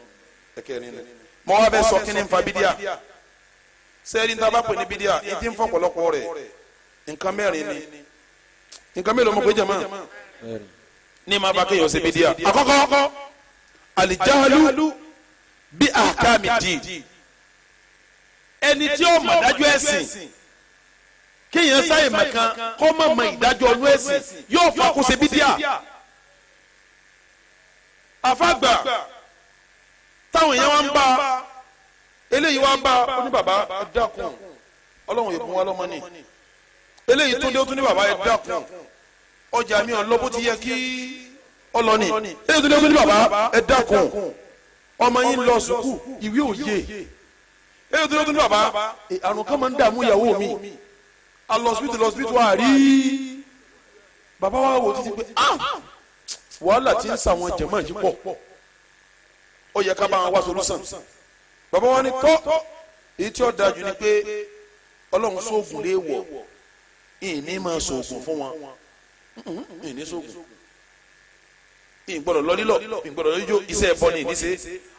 mọ wa bẹ sọ kí ni nfa bidia sẹ́yìn tí a bá pè ní bidia i ti ń fọ pọ̀lọpọ̀ rẹ̀ nǹkan mẹ́rin ni nǹkan mélòó mo pé jama ní ma bá kéèyàn ṣe bidia àkọ́kọ́ alijahalu bi ahkami di ẹni tí ó mọ̀ dájú ẹ̀sìn kéèyàn sáyè mọ̀kan kó má mọ ìdájọ́ ọ̀nù ẹ̀sìn yóò fọkùn ṣe bidia àfàgbà táwọn èèyàn wá ń bá eléyìí wá ń bá ó ní bàbá ẹ dákun ọlọ́run ìbùn wa lọ́mọ ni eléyìí tó dé ó tún ní bàbá ẹ dákun ọjà mi ọ̀n lọ bó ti yẹ kí ọlọ́ni eléyìí tó dé ó tún ní Baba ẹ dákun ọmọ yín lọ sùkúù ìwé òye eléyìí tó dé ó tún ní bàbá àrùn kan máa ń dààmú ìyàwó mi alọsibítù lọsibítù wa rí bàbá wa wò títí pé ah! wàhálà ti ń sàwọn jẹ̀mọ́ yìí pọ̀ ó yẹ ká bá wọn wá solution bàbá wọn ni tọ́ èyí tí ó dájú ni pé ọlọ́run sóògùn lè wọ̀ ìní máa sóògùn fún wọn mm-hmm. ìní sóògùn ìgbọ́dọ̀ lọ́lílọ̀ ìgbọ́dọ̀ lọ́líjó iṣẹ́ ẹ̀bọ ni ìníṣe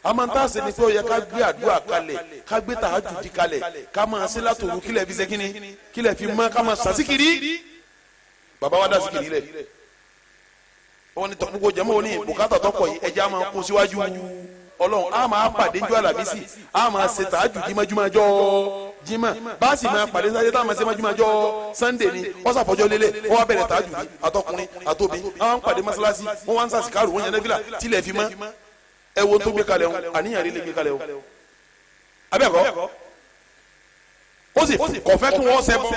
a máa ń tà sí ni pé ó yẹ ká gbé àdúrà kalẹ̀ ká gbé tàájùdí kalẹ̀ ká máa ṣe látòru kílẹ̀ fi ṣe kíni kílẹ̀ fi mọ́ ká máa ṣàṣìkiri bàbá wa dá síkiri lẹ̀ wọ́n ní tọ́ gbogbo jẹ́mọ́ bùkátà tọkọ̀ yìí ẹja máa kún síwájú ọlọ́run a máa pàdé jọ alamisi a máa ṣe tààjù jimajumajọ jimá báàsì máa pàdé sáyé tá a máa ṣe majumajọ sannde ni wọ́n sàfọ́jọ́ lélẹ̀ wọ́n wá bẹ̀rẹ̀ tààjù àtọkùnrin àtòbí àwọn pàdé masalasi wọ́n wá ń sàṣìkàrù wọ́n yẹn nẹ́fìlà tilẹ̀ fi mọ́ ẹ wo tó gbé kalẹ̀ o àníyàn rí lè gbé kalẹ̀ o abẹ́ẹ̀kọ́ ó sì kọ̀fẹ́ kí wọ́n sẹ́bọ̀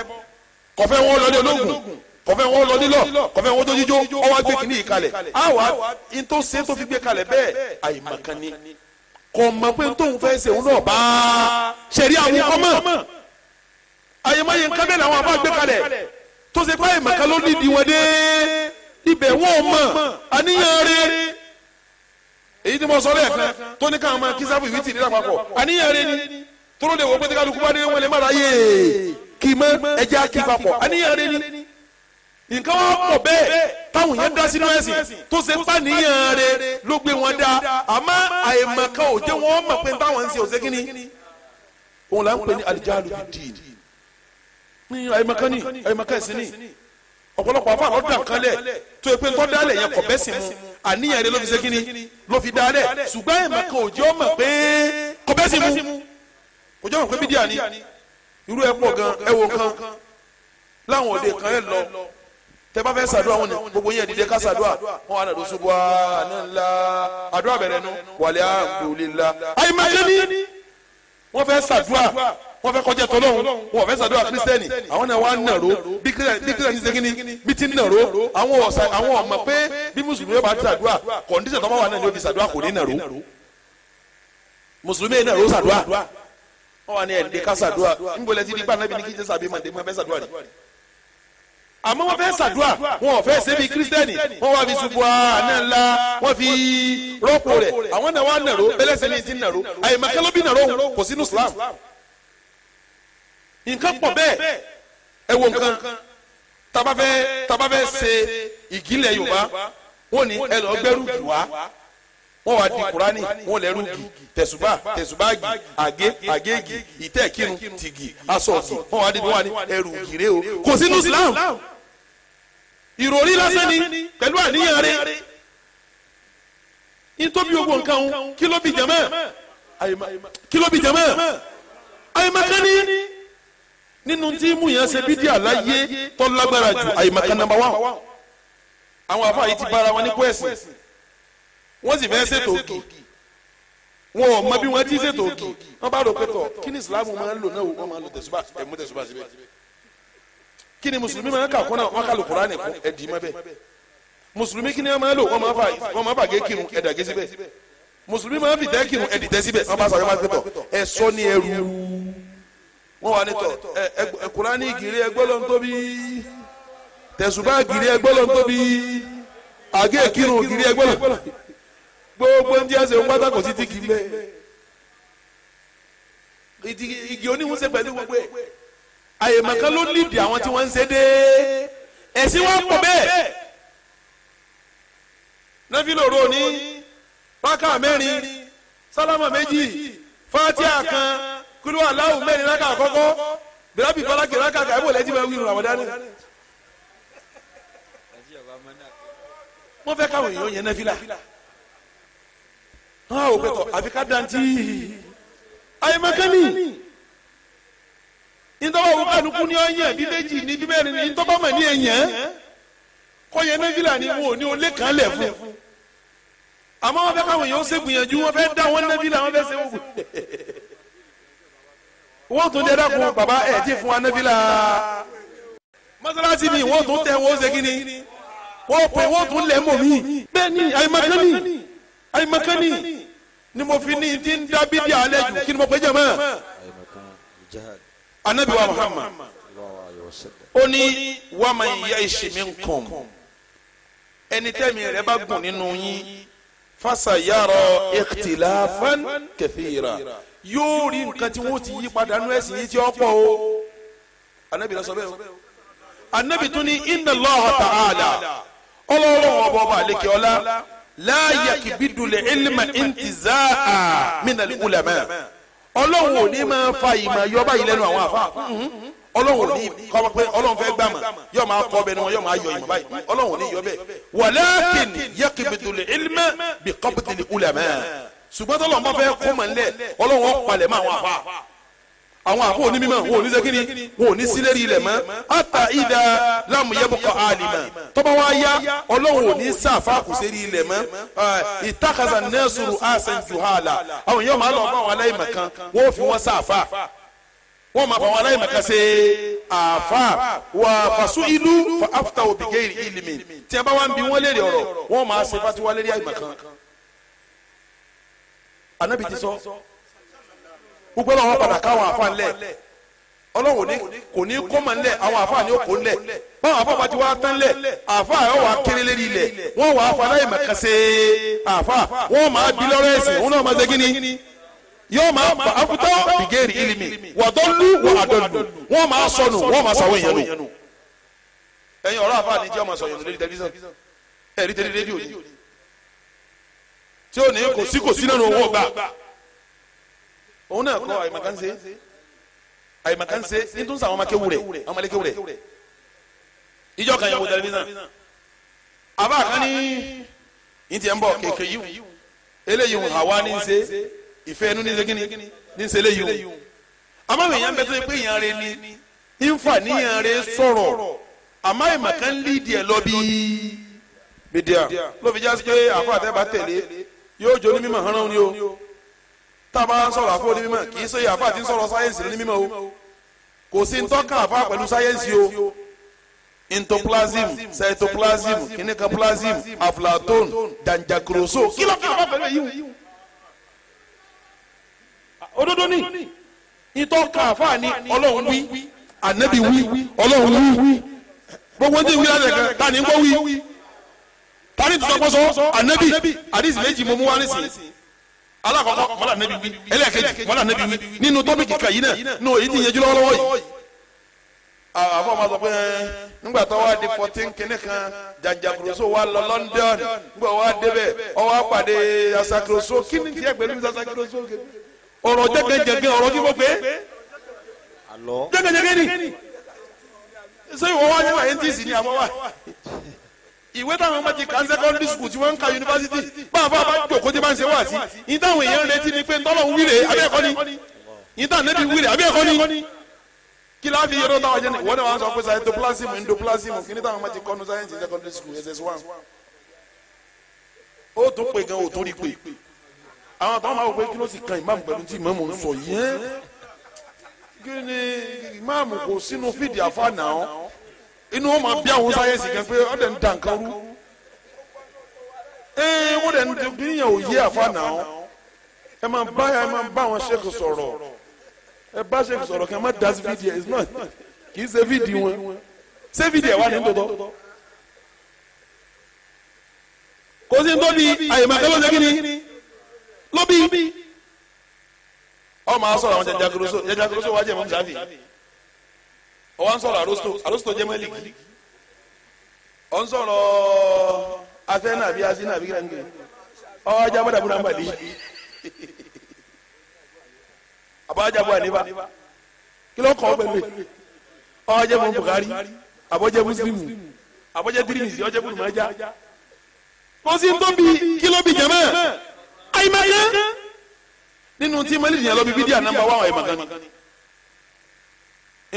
kọ̀fẹ́ wọn lọlé ológun kọfẹ́ wọn lọ nílọ kọfẹ́ wọn tó jíjó ọwọ́ gbé kínní yìí kalẹ̀ àwa ntọ́ se tó fi gbé kalẹ̀ bẹ́ẹ̀ àyèmọ̀kànnì kò mọ̀ pé ntòun fẹ́ ṣe òun náà bá ṣẹ̀rí àwọn kọ́mọ̀ àyèmọ̀yé nǹkan bẹ́ẹ̀ làwọn àbá gbé kalẹ̀ tó ṣe pé àyèmọ̀kàn ló nídìí wọn dé ibẹ̀ wọn mọ̀ àníyàn rẹ̀ èyí tí mo sọ lẹ́ẹ̀kan tó ní káwọn máa kí sáfù ìwé tì ní lápapọ̀ àníyàn rẹ̀ ni tó ló lè wọ pé tí kálukú bá dé wọn lè má kì í mọ ẹja ni nǹkan wọn pọ̀ bẹ́ẹ̀ táwọn yẹn dá sínú ẹ̀sìn tó ṣe pàníyàn rẹ ló gbé wọn dá àmọ́ àìmọ̀kan ò jẹ́ wọn mọ̀ pé táwọn ń ṣe òṣè kínní òun là ń pè ní alijalu bidin ní àìmọ̀kan ní àìmọ̀kan ẹ̀sìn ní ọ̀pọ̀lọpọ̀ afa lọ́dún àkànlẹ̀ tó yẹ pé tó dálẹ̀ yẹn kọ̀ bẹ́ẹ̀ sì mu àníyàn rẹ ló fi ṣe kínní ló fi dálẹ̀ ṣùgbọ́n àìmọ̀kan ò jẹ́ ọmọ pé kọ̀ bẹ́ẹ̀ sì mu kò pé bídíà ni irú ẹ̀ pọ̀ gan ẹ̀ wò kan láwọn òde kan ẹ̀ lọ tẹ bá fẹ́ sàdúrà wọn ni gbogbo yẹn dìde ká sàdúrà wọn àná lóṣù bọ́ ànínlá àdúrà bẹ̀rẹ̀ nu wàlẹ́ àgbòlélá. ayi ma jẹ́ ni wọ́n fẹ́ sàdúrà wọ́n fẹ́ kọjá tọ́lọ́hún wọ́n fẹ́ sàdúrà kírísítẹ́nì àwọn náà wà ń nàró bí kírísítẹ́nì ṣe bí ti ń nàró àwọn ọ̀sà àwọn ọ̀mọ̀ pé bí mùsùlùmí bá ti sàdúrà kọ̀ǹdíṣẹ̀ tó bá wà náà ni ó fi sàdúrà kò ní nàró mùsùlùmí náà sàdúrà wọ́n wà ní ẹ̀ẹ́dẹ́ká àmọ́ wọ́n fẹ́ ṣàdúrà wọn ò fẹ́ ṣe bí kírísítẹ́nì wọ́n wá fi ṣubú àná ńlá wọ́n fi rọ́pò rẹ̀ àwọn náà wá nàró bẹ́lẹ́sẹ̀ ní ti nàró àyèmọ̀kẹ́ ló bí kò sínú Islam nǹkan pọ̀ bẹ́ẹ̀ ẹ wo nǹkan taba fẹ́ taba fẹ́ ṣe ìgilẹ̀ Yorùbá wọ́n ní ẹ lọ gbẹ́rù jù wá wọ́n wá di Kùránì wọ́n lẹ́rù gi, tẹ̀sùbá tẹ̀sùbá gì àgé àgégi ìtẹ́kínu tìgì asọ̀ọ̀tì wọ́n wá di wọ́n wá ní ẹrù gìrè o kò sínú Islam. Islam ìròrí lásán ni pẹ̀lú àníyàn rẹ̀ nítorí gbogbo nǹkan òun kí ló bí jẹ̀mọ́ kí ni nínú tí mú yẹn ṣe bídí àláyé tó lágbára jù àyèmọ̀kan nàmbà wà àwọn àfa yìí ti bára wọn ní kwẹ́sì wọ́n sì fẹ́ ṣètò òkè wọn ò mọ bí wọ́n ti ṣètò òkè wọ́n bá rò pé tọ̀ kí ni Islam máa ń lò náà wọ́n máa ń lò tẹ̀síbà ẹ̀mú tẹ̀síbà síbẹ̀ kí ni mùsùlùmí máa ń kà kọ́nà wọn kàlù kúránì kún ẹ̀ dì í má bẹ́ẹ̀ mùsùlùmí kí ni wọn máa ń lò wọn máa fà gé kírun ẹ̀ dàgé síbẹ̀ mùsùlùmí máa ń fi tẹ́ kírun ẹ̀ dìtẹ́ síbẹ̀ wọn bá sọ wọn máa ń pẹ́tọ̀ ẹ̀ sọ ní ẹrú wọn wà nítọ̀ ẹ̀ kúránì gírí ẹgbẹ́ ló ń tóbi tẹ̀sùbá gírí ẹgbẹ́ ló ń tóbi àgé kírun gírí gbogbo ń jẹ́ ẹsẹ̀ ń pátákó títí kì í mẹ́ igi oníhùn ṣe gbogbo ẹ̀ àyèmọ̀kan ló nídìí àwọn tí wọ́n ń ṣe dé ẹ̀sìn wọn pọ̀ bẹ́ẹ̀ nẹ́fìlòrò ní rákà mẹ́rin sálámà méjì fátíà kan kúlú aláwù mẹ́rin rákà àkọ́kọ́ bìrábì kọ́lákì rákà kàìbò lẹ́jì máa ń wí ìrànwọ́ dání. wọ́n fẹ́ káwọn èèyàn yẹn nẹ́fìlà wọ́n á wò dantí àyèmọ̀kan ni ìtọ́wọ́ òun kálukú ní ọ̀yàn bí méjì ní bí mẹ́rin ní ìtọ́wọ́ mọ̀ ní èèyàn kọ́yẹ méjìlá ni wọn ò ní olé kan lẹ̀ fún àmọ́ wọn fẹ́ káwọn èèyàn ṣe gbìyànjú wọn fẹ́ dá wọn nábìlà wọn fẹ́ ṣe wọn. wọ́n tún dẹ́dá kun bàbá ẹ̀ tí fún wa nábìlà mọ́sálásí mi wọ́n tún tẹ wọ́n ṣe kí ni wọ́n pè wọ́n tún lẹ̀ mọ̀ mí. bẹ́ẹ̀ni àyèmọ̀kánì àyèmọ̀kánì ni mo fi ní ti ń dá bíbí alẹ́ jù kí ni mo pè jẹ́ mọ́ anabi wa muhammad ó ní waman ya'ish minkum ẹni tẹ́mi rẹ̀ bá gùn nínú yín fasayara ikhtilafan kathira yóò rí nǹkan tí wọ́n ti yí padà nú ẹ̀sìn yìí tí ó pọ̀ o anabi lọ́sọ̀ bẹ́ẹ̀ o anabi tún inna Allaha ta'ala ọlọ́run ọba ọba àlekè ọlá la yakbidul ilma intizaa minal ulama ọlọ́run ò ní máa fa ìmọ̀ yọ báyìí lẹ́nu àwọn àfa ọlọ́run ò ní kọ́ pé ọlọ́run fẹ́ gbàmọ̀ yọ máa kọ́ bẹ́ẹ̀ ni wọn yọ máa yọ ìmọ̀ báyìí ọlọ́run ò ní yọ bẹ́ẹ̀ walakin yakibitul ilma bi qabdil ulama ṣùgbọ́n tọ́lọ́mọ kó mọ̀ nílẹ̀ ọlọ́run ó palẹ̀ mọ́ àwọn àfa àwọn àfọ onímọ̀ wọn ò ní sẹ́kìnì wọn ò ní sílẹ̀rì ilẹ̀ mọ́ àtà ìdá lámùyẹ́bùkọ̀ àlìmọ̀ tọ́ba wa yá ọlọ́run ò ní sàfà kò sẹ́rì ilẹ̀ mọ́ ìtàkàsà nẹ́sùrù àṣẹn juhala àwọn èèyàn máa lọ bá àwọn aláìmọ̀ kan wọ́n fi wọ́n sàfà wọ́n máa bá àwọn aláìmọ̀ kan ṣe àfà wà fàṣù ìlú fà áfítà òbíkẹ́ ìlìmì tí a bá wà ń bi wọ́n léèrè ọ̀rọ̀ wọ́n máa ṣe fatiwa àìmọ̀ kan anabi ti sọ gbogbo ẹ̀ lọ́wọ́ padà káwọn àfa ńlẹ̀ ọlọ́wọ́ ni kò ní kó mọ̀ ńlẹ̀ àwọn àfa ni ó kó ńlẹ̀ báwọn àfa bá ti wá tán ńlẹ̀ àfa yóò wá kéré lérí ilẹ̀ wọ́n wà á fa láyé mẹ̀kẹ́sẹ̀ àfa wọ́n máa bí lọ́rọ̀ ẹ̀sìn òun náà máa ṣe kíni yóò máa fa akutọ bìgẹ́rì ilimi wàdọ́lù wàdọ́lù wọ́n máa sọnù wọ́n máa sàwọn èèyàn nù. ẹ̀yin ọ̀rọ̀ àfa ni jẹ́ ọmọ sọ̀yìn lórí tẹlifíṣàn ẹ̀rí tẹlifíṣàn tí ò ní kò sí kò sí náà ní owó ọgbà òun náà kọ́ àyèmàkánṣe àyèmàkánṣe nítorí sàwọn ọmọkéwu rẹ̀ ọmọlékéwu rẹ̀ ìjọ kan yẹn wo tẹlifíṣàn àbá kan ní ní tiẹ̀ ń bọ̀ kéèké yìí eléyìí wò hàwa ní ṣe ìfẹ́ inú ní ṣe kíni ní ṣe eléyìí wò àmọ́ èèyàn bẹ́ẹ̀ pé èèyàn rẹ ni ìfà níyàn rẹ sọ̀rọ̀ àmọ́ àyèmàkán lídìí ẹ̀ lọ bíi bídíà ló fi jásí pé àfọ àtẹ́bà tẹ̀lé yóò jó ní mímọ̀ hánà ni o tá a bá ń sọ̀rọ̀ àfọ onímọ̀ kì í ṣe àfa àti sọ̀rọ̀ sáyẹ́nsì ní mímọ̀ o kò sí ń àfa pẹ̀lú sáyẹ́nsì o entoplasm cytoplasm kinikaplasm aflatone danjakroso kí ló kí ló bá pẹ̀lú èyí o òdodo ni ìtọ́ka àfa ni ọlọ́run wí ànábì wí ọlọ́run wí gbogbo ndé wí lálẹ́ kan tani ń gbọ́ wí tani tó sọ gbọ́sọ́ ànábì àdìsí méjì mo wá nísìnyí alakọkọ mọlá nẹbi wi ẹlẹ́kejì mọlá nẹbi wi nínú tọpiki kayi náà nù èyí ti yẹjú lọ́wọ́lọ́wọ́ yìí. àwọn ọmọ sọ pé nígbà tó wá di fourteen kìnnì kan jàjàkùrọ̀sọ wa lọ London nígbà wá débẹ̀ ọwọ́ apàdé asakùrọ̀sọ kí ni tiẹ̀ pẹ̀lú asakùrọ̀sọ kẹ ọ̀rọ̀ jẹ́gẹ́jẹ́gẹ́ ọ̀rọ̀ kí mo pé jẹ́gẹ́jẹ́gẹ́ ni ṣé ìwọ wá nígbà yẹn ti sì ni àwọn wa ìwé táwọn ọmọ ti kà secondary school tí wọ́n ń ka yunifásitì báwa bá jòkó tí bá ń ṣe wá sí yín táwọn èèyàn retí ni pé tọ́lọ̀ ń wíre abẹ́ẹ̀kọ́ ni yín táwọn nẹ́bí wíre abẹ́ẹ̀kọ́ ni kí la fi yọrọ táwọn jẹni wọ́n ní wọ́n sọ pé cytoplasm endoplasm kí ni táwọn ọmọ ti kọ́nu science secondary school ss1 ó tún pè gan ó tún rí pè àwọn àtàwọn máa wò pé kí ló sì kan ìmáàmù pẹ̀lú tí ìmáàmù ń sọ yẹn kí ni ìmáàmù kò sínú fídíà fáànà ọ́ inú wọn máa bí àwọn sáyẹ́nsì kan pé ọ̀dẹ̀ ń da nǹkan rú ee wọ́n dẹ̀ ń di bí yẹn ò yé àfa náà ẹ máa bá ẹ máa bá àwọn ṣèkù sọ̀rọ̀ ẹ bá ṣèkù sọ̀rọ̀ kí ẹ má da sí fídíò ẹ̀ náà kì í ṣe fídíò wọn ṣé fídíò ẹ̀ wà ní tòótọ́ kò sí nítorí àyèmọ̀ àtẹ́wọ́ ṣe kí ni lóbi ọmọ asọ̀rọ̀ àwọn jẹjẹrẹ kúrúsọ jẹjẹrẹ kúrúsọ wájú ẹ̀ mọ́ ọwọ́ ń sọ̀rọ̀ àròsọ àròsọ jẹ́ mẹ́lìkì ọ̀ ń sọ̀rọ̀ afẹ́ nàbí así nàbí kíláńgé ọ̀ ajá bọ́dà bọ́dà mbàlí àbọ̀ ajá bọ́dà níbà kí ló kọ́ pẹ̀lú ọ̀ ajẹ́ mọ́ Bukhari àbọ̀ jẹ́ Muslimu àbọ̀ jẹ́ Tirmidhi ọ̀jẹ́ bùnú májá wọ́n sì ń tó bi kí ló bi jẹ̀mẹ́ àyìnbá yẹn nínú tí mẹ́lìkì yẹn lọ bí bídíà nàmbà wà wà àyìnbá kan ni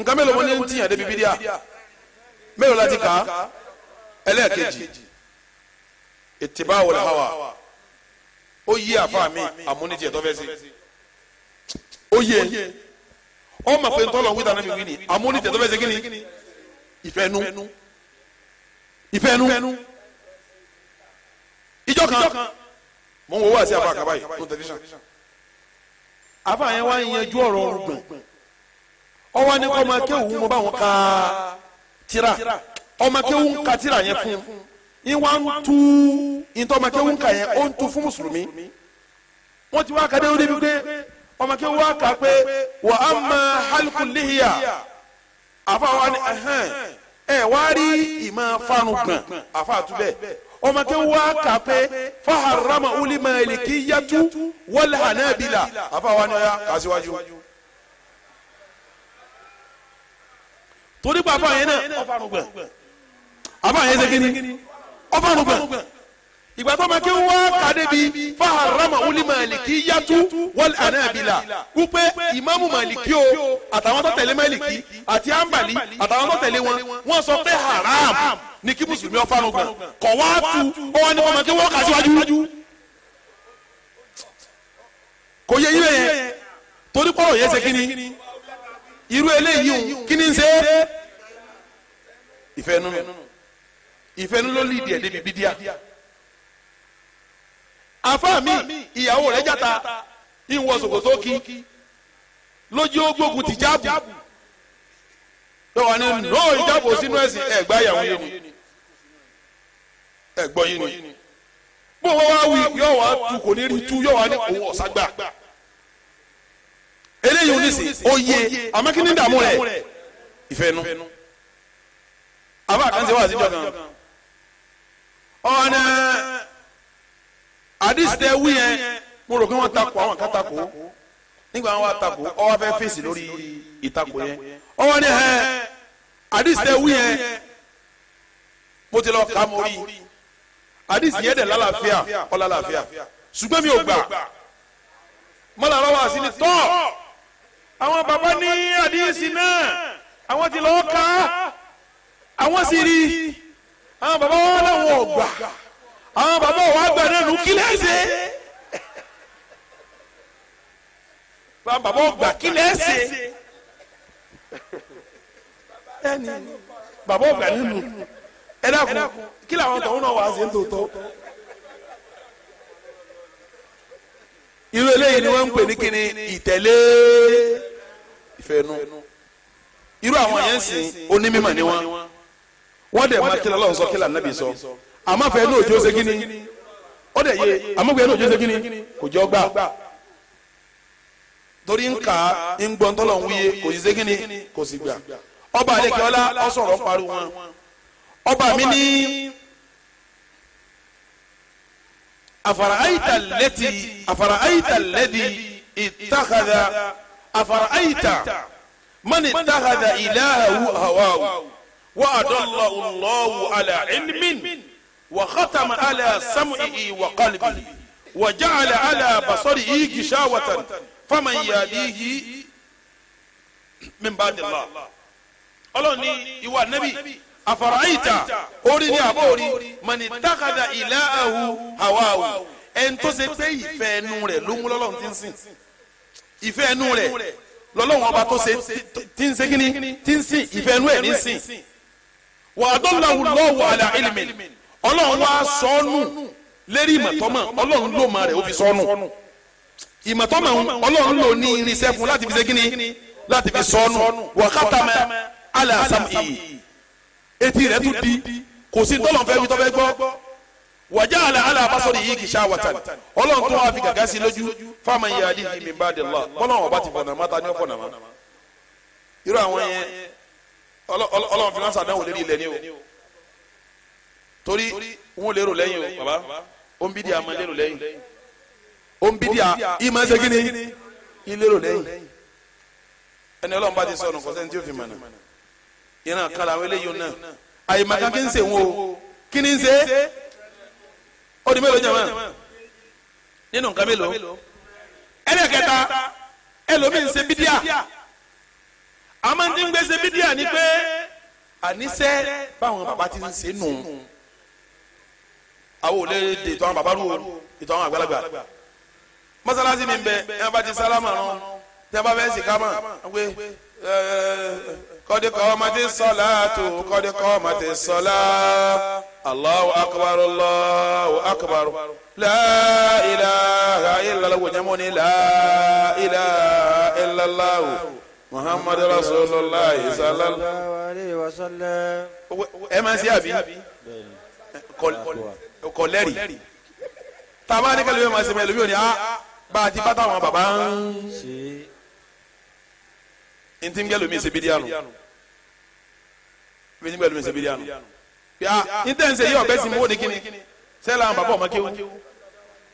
nǹkan mélòó wọn ní ń tiyàn débi bídíà mélòó láti kà á ẹlẹ́ẹ̀kejì ìtìbá wọlé hawa ó yí àfa mi àmúnitì ẹ̀ tọ́fẹ́ sí ó yé ọ mà pé ntọ́lọ̀ wíta náà mi wí ni àmúnitì ẹ̀ tọ́fẹ́ sí kí ni ìfẹ́nu ìfẹ́nu ìjọ kan mò ń wo wá sí àfa àkàbáyé tó tẹlifíṣàn àfa yẹn wá yanjú ọ̀rọ̀ ọ̀rùn gbọ̀n ọwọ́ ni kọ́ ọmọ akéwù mo bá wọn ka tira ọmọ akéwù ń ka tira yẹn fún ìwà ń tu ìtọ́ ọmọ akéwù ń ka yẹn ó ń tu fún mùsùlùmí wọ́n ti wá kadé wọlé wípé ọmọ akéwù wá kà pé wà á mọ alikulihiya àfa wa ni ẹ wá rí ìmọ̀ fanu gan àfa àtúbẹ̀ ọmọ kí wá kà pé faharama ulimalikiyatu wal hanabila àfa wa ni ọ̀ya kà síwájú. torí pé àfọwọ́ yẹn náà ọ̀fàrùngbẹ̀ àfọwọ́ yẹn ṣe kíni ọ̀fàrùngbẹ̀ ìgbà tó ma kí wá kàdé bi fáharama wuli maliki yatu wal anabila wípé ìmáàmù maliki o àtàwọn tó tẹ̀lé maliki àti anbali àtàwọn tó tẹ̀lé wọn wọ́n sọ pé haram ni kí mùsùlùmí ọ̀fàrùn gbà kọ̀ wá tu ọ wá ní kọ́ ma kí wọ́n kà síwájú. kò yẹ yíyẹ yẹn torí kọ́rọ̀ yẹn ṣe ni irú eléyìí o kí ni n ṣe ìfẹ́ nínú ìfẹ́ nínú ló lì díẹ̀ débi bídíà afa mi ìyàwó rẹ̀ jata ìwọ ṣòkòtò lójú ogbógun ti jáàbù lọ́wọ́ ni no ìjábọ̀ sínú ẹ̀sìn ẹ̀gbá ìyàwó yẹn ni ẹ̀gbọ́n yẹn ni bó wọ́n wí yóò wá tu kò ní rí tu yóò wá ní òun ọ̀sán gbà eléyìí ò ní sè oyè amákíní dààmú rẹ ìfẹ́ nu àbá kan ṣe wá àtijọ́ kan ọ̀nà àdìsítẹ́ wí yẹn mo rò pé wọ́n takò àwọn kan takò nígbà wọn wá takò ọwọ́ fẹ́ fèsì lórí ìtakò yẹn ọwọ́ ni hẹ́n àdìsítẹ́ wí yẹn mo ti lọ kà mo àdìsí yẹn dẹ̀ lálàáfíà ọ̀làlàáfíà ṣùgbọ́n mi ò gbà mọ́lá lọ́wọ́ àti ní tọ́ọ̀ àwọn baba ní àdíyèsí náà àwọn ti lọ́ọ́ ká àwọn sì rí àwọn baba wọn làwọn ọgbà àwọn baba wọn àgbà náà lù kí lẹ́sẹ̀ àwọn baba ọgbà kí lẹ́sẹ̀ ẹni baba ọgbà nínú ẹ dákun kí làwọn tọ̀hún náà wà á sí ń tòótọ́. irú eléyìí ni wọ́n ń pè ní kíni ìtẹ̀lé ìfẹ́nu irú àwọn yẹn sìn onímọ̀ ni wọ́n wọ́n dẹ̀ máa kí lọ́wọ́ sọ kí lànàbì sọ àmọ́ ní òjò ṣe kíni ó dẹ̀ yé àmọ́ ní òjò ṣe kíni kò jọ gbà torí ń kò ọba ọ̀sọ̀rọ̀ parí wọn ọba mi أفرأيت التي أفرأيت الذي اتخذ أفرأيت من اتخذ إلهه هواه وأضل الله على علم وختم على سمعه وقلبه وجعل على بصره غشاوة فمن يهديه من بعد الله الله ني يوا النبي Afaraita, orí ni àbó mani mọ̀nì tákàdà ìlà àwù àwà àwù ẹni tó ṣe pé ìfẹ́ ẹnu rẹ̀ ló mú lọ́lọ́run tí ń sìn ìfẹ́ ẹnu rẹ̀ lọ́lọ́run ọba tó ṣe tí ń ṣe tí ń sìn ìfẹ́ ẹnu ẹ̀ ní sìn wà á dọ́là lọ́wọ́ àlà ìlìmì ọlọ́run wá sọ́nù lérí ìmọ̀tọ́mọ̀ ọlọ́run ló ma rẹ̀ ó fi sọ́nù ìmọ̀tọ́mọ̀ ọlọ́run ló ní irinṣẹ́ fún láti fi ṣe kíni láti fi sọ́nù wà kátàmẹ́ àlà sàmì etí rẹ̀ tún di kò sí tọ́lọ̀ fẹ́ mi tọ́ fẹ́ gbọ́ wàjà àlà àlà àbásọ̀rọ̀ yìí kì í ṣàwàtà ọlọ́run tó wàá fi gàgá sí lójú fáwọn ìyá àdìyí yìí mi bá dé lọ bọ́lá wọn bá ti fọ̀nà má ta ní ọ̀fọ̀nà má irú àwọn yẹn ọlọ́run fi ránṣẹ́ àdánwò lérí ilẹ̀ ni o torí wọn lérò lẹ́yìn o bàbá ó àmọ́ lérò lẹ́yìn ó ń ìmọ̀ ṣe kí ìlérò lẹ́yìn ẹni ọlọ́run bá ti sọnù kọ́sẹ́ni tí ó fi mọ̀nà ìran kan làwọn eléyìí náà àyèmàkà kí n ṣe wọn o kí ni n ṣe ó di mélòó jàmá nínú nǹkan mélòó ẹlẹ́kẹta ẹlòmíì ń ṣe bídíà àmọ́ ní ń gbé ṣe bídíà ni pé àníṣe báwọn bàbá ti ń ṣe nù àwọn ò lè dè àwọn bàbá rú o ètò àwọn àgbàlagbà mọ́sálásí mi ń bẹ ẹ bá ti sálámà rán tí bá fẹ́ ṣe ká mọ̀ pé ẹ kọ́dí kọ́ ọmọ ti sọ́lá tó kọ́dí kọ́ ọmọ ti sọ́lá Allahu akbar Allahu akbar la ilaha illallah wònyẹ́mọ́ ni la ilaha illallah muhammadu rasulillah sallallahu alayhi wa sallam. ẹ máa ń ṣe àbí kọlẹ́rì tàbá ní kẹlẹ́bí máa ṣe mọ́ ẹlòmíràn ni a bá a ti bá táwọn bàbá ń ntí ń gẹ́lòmí ṣe bí díànù bí nígbà lómi ṣe bí díànù pé a ní tẹ́ ń ṣe yí ọ̀bẹ sí mi ó ní kíni sẹ́lá àwọn bàbá ọmọ kéwu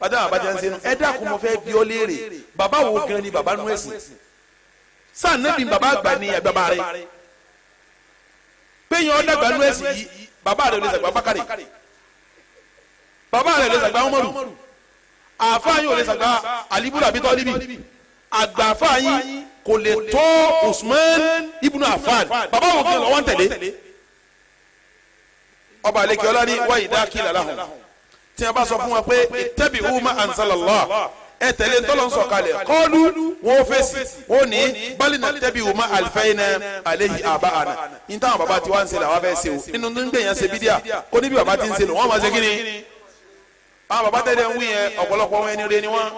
bàtà àwọn abájá ń ṣe nu ẹ dákun mo fẹ́ bí ọ léèrè bàbá wo gan ni bàbá nú ẹ̀sìn sáà nẹ́bí bàbá àgbà ni àgbàbà rẹ pé yan ọ̀dàgbà nú ẹ̀sìn yìí bàbá rẹ lè sàgbà bákàrè bàbá rẹ lè sàgbà ọmọrù àfáàyàn ò lè sàgbà àlìbùrà bí tọ́ níbí àgbà àfáàyàn kò lè tó Usman ibùnú àfáàn bàbá wo gan lọ́wọ́ ń ọba àlekè ọlá ní wáyé dákì làlàhùn tí a bá sọ fún wa pé ìtẹ́bi uma ansalallah ẹ tẹ̀lé ntọ́lọ́ nsọ kalẹ̀ kọ́ọ́lù wọn ò fèsì wọn ò ní bali na tẹ́bi uma alifẹ́yìnà aleyhi aba ana ní táwọn baba ti wá ń ṣe làwọn fẹ́ ṣe o nínú ní gbẹ̀yàn ṣe bídíà kó níbi baba ti ń ṣe lò wọ́n máa ṣe àwọn baba tẹ́lẹ̀ ń wí yẹn ọ̀pọ̀lọpọ̀ wọn ẹni rẹ ni wọ́n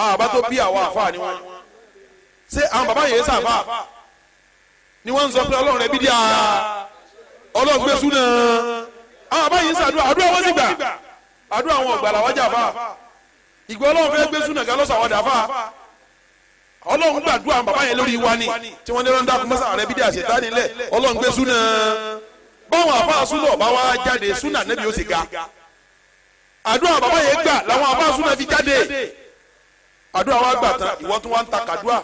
àwọn baba tó bí àwọn àfa ni wọ́n ṣé àwọn baba yẹn sàfà ni wọ́n ń pé ọlọ́run rẹ bídíà ọlọ́run gbé súnà àwọn abáyé ń sàdúrà àdúrà wọn sì gbà àdúrà wọn ọ̀gbà làwọn jà fà ìgbà ọlọ́run fẹ́ gbé súnà kálọ́ sàwọ́dà fà ọlọ́run gbàdúrà bàbá yẹn lórí wa ni tí wọ́n ní lọ́ńdà kún mọ́sá rẹ bídí àṣetá nílẹ̀ ọlọ́run gbé súnà báwọn àfáà súnà ọ̀bá wa jáde súnà nẹ́bí ó sì ga àdúrà bàbá yẹn gbà làwọn àfáà súnà fi jáde àdúrà wa gbà tán ìwọ tún wá ń takàdúà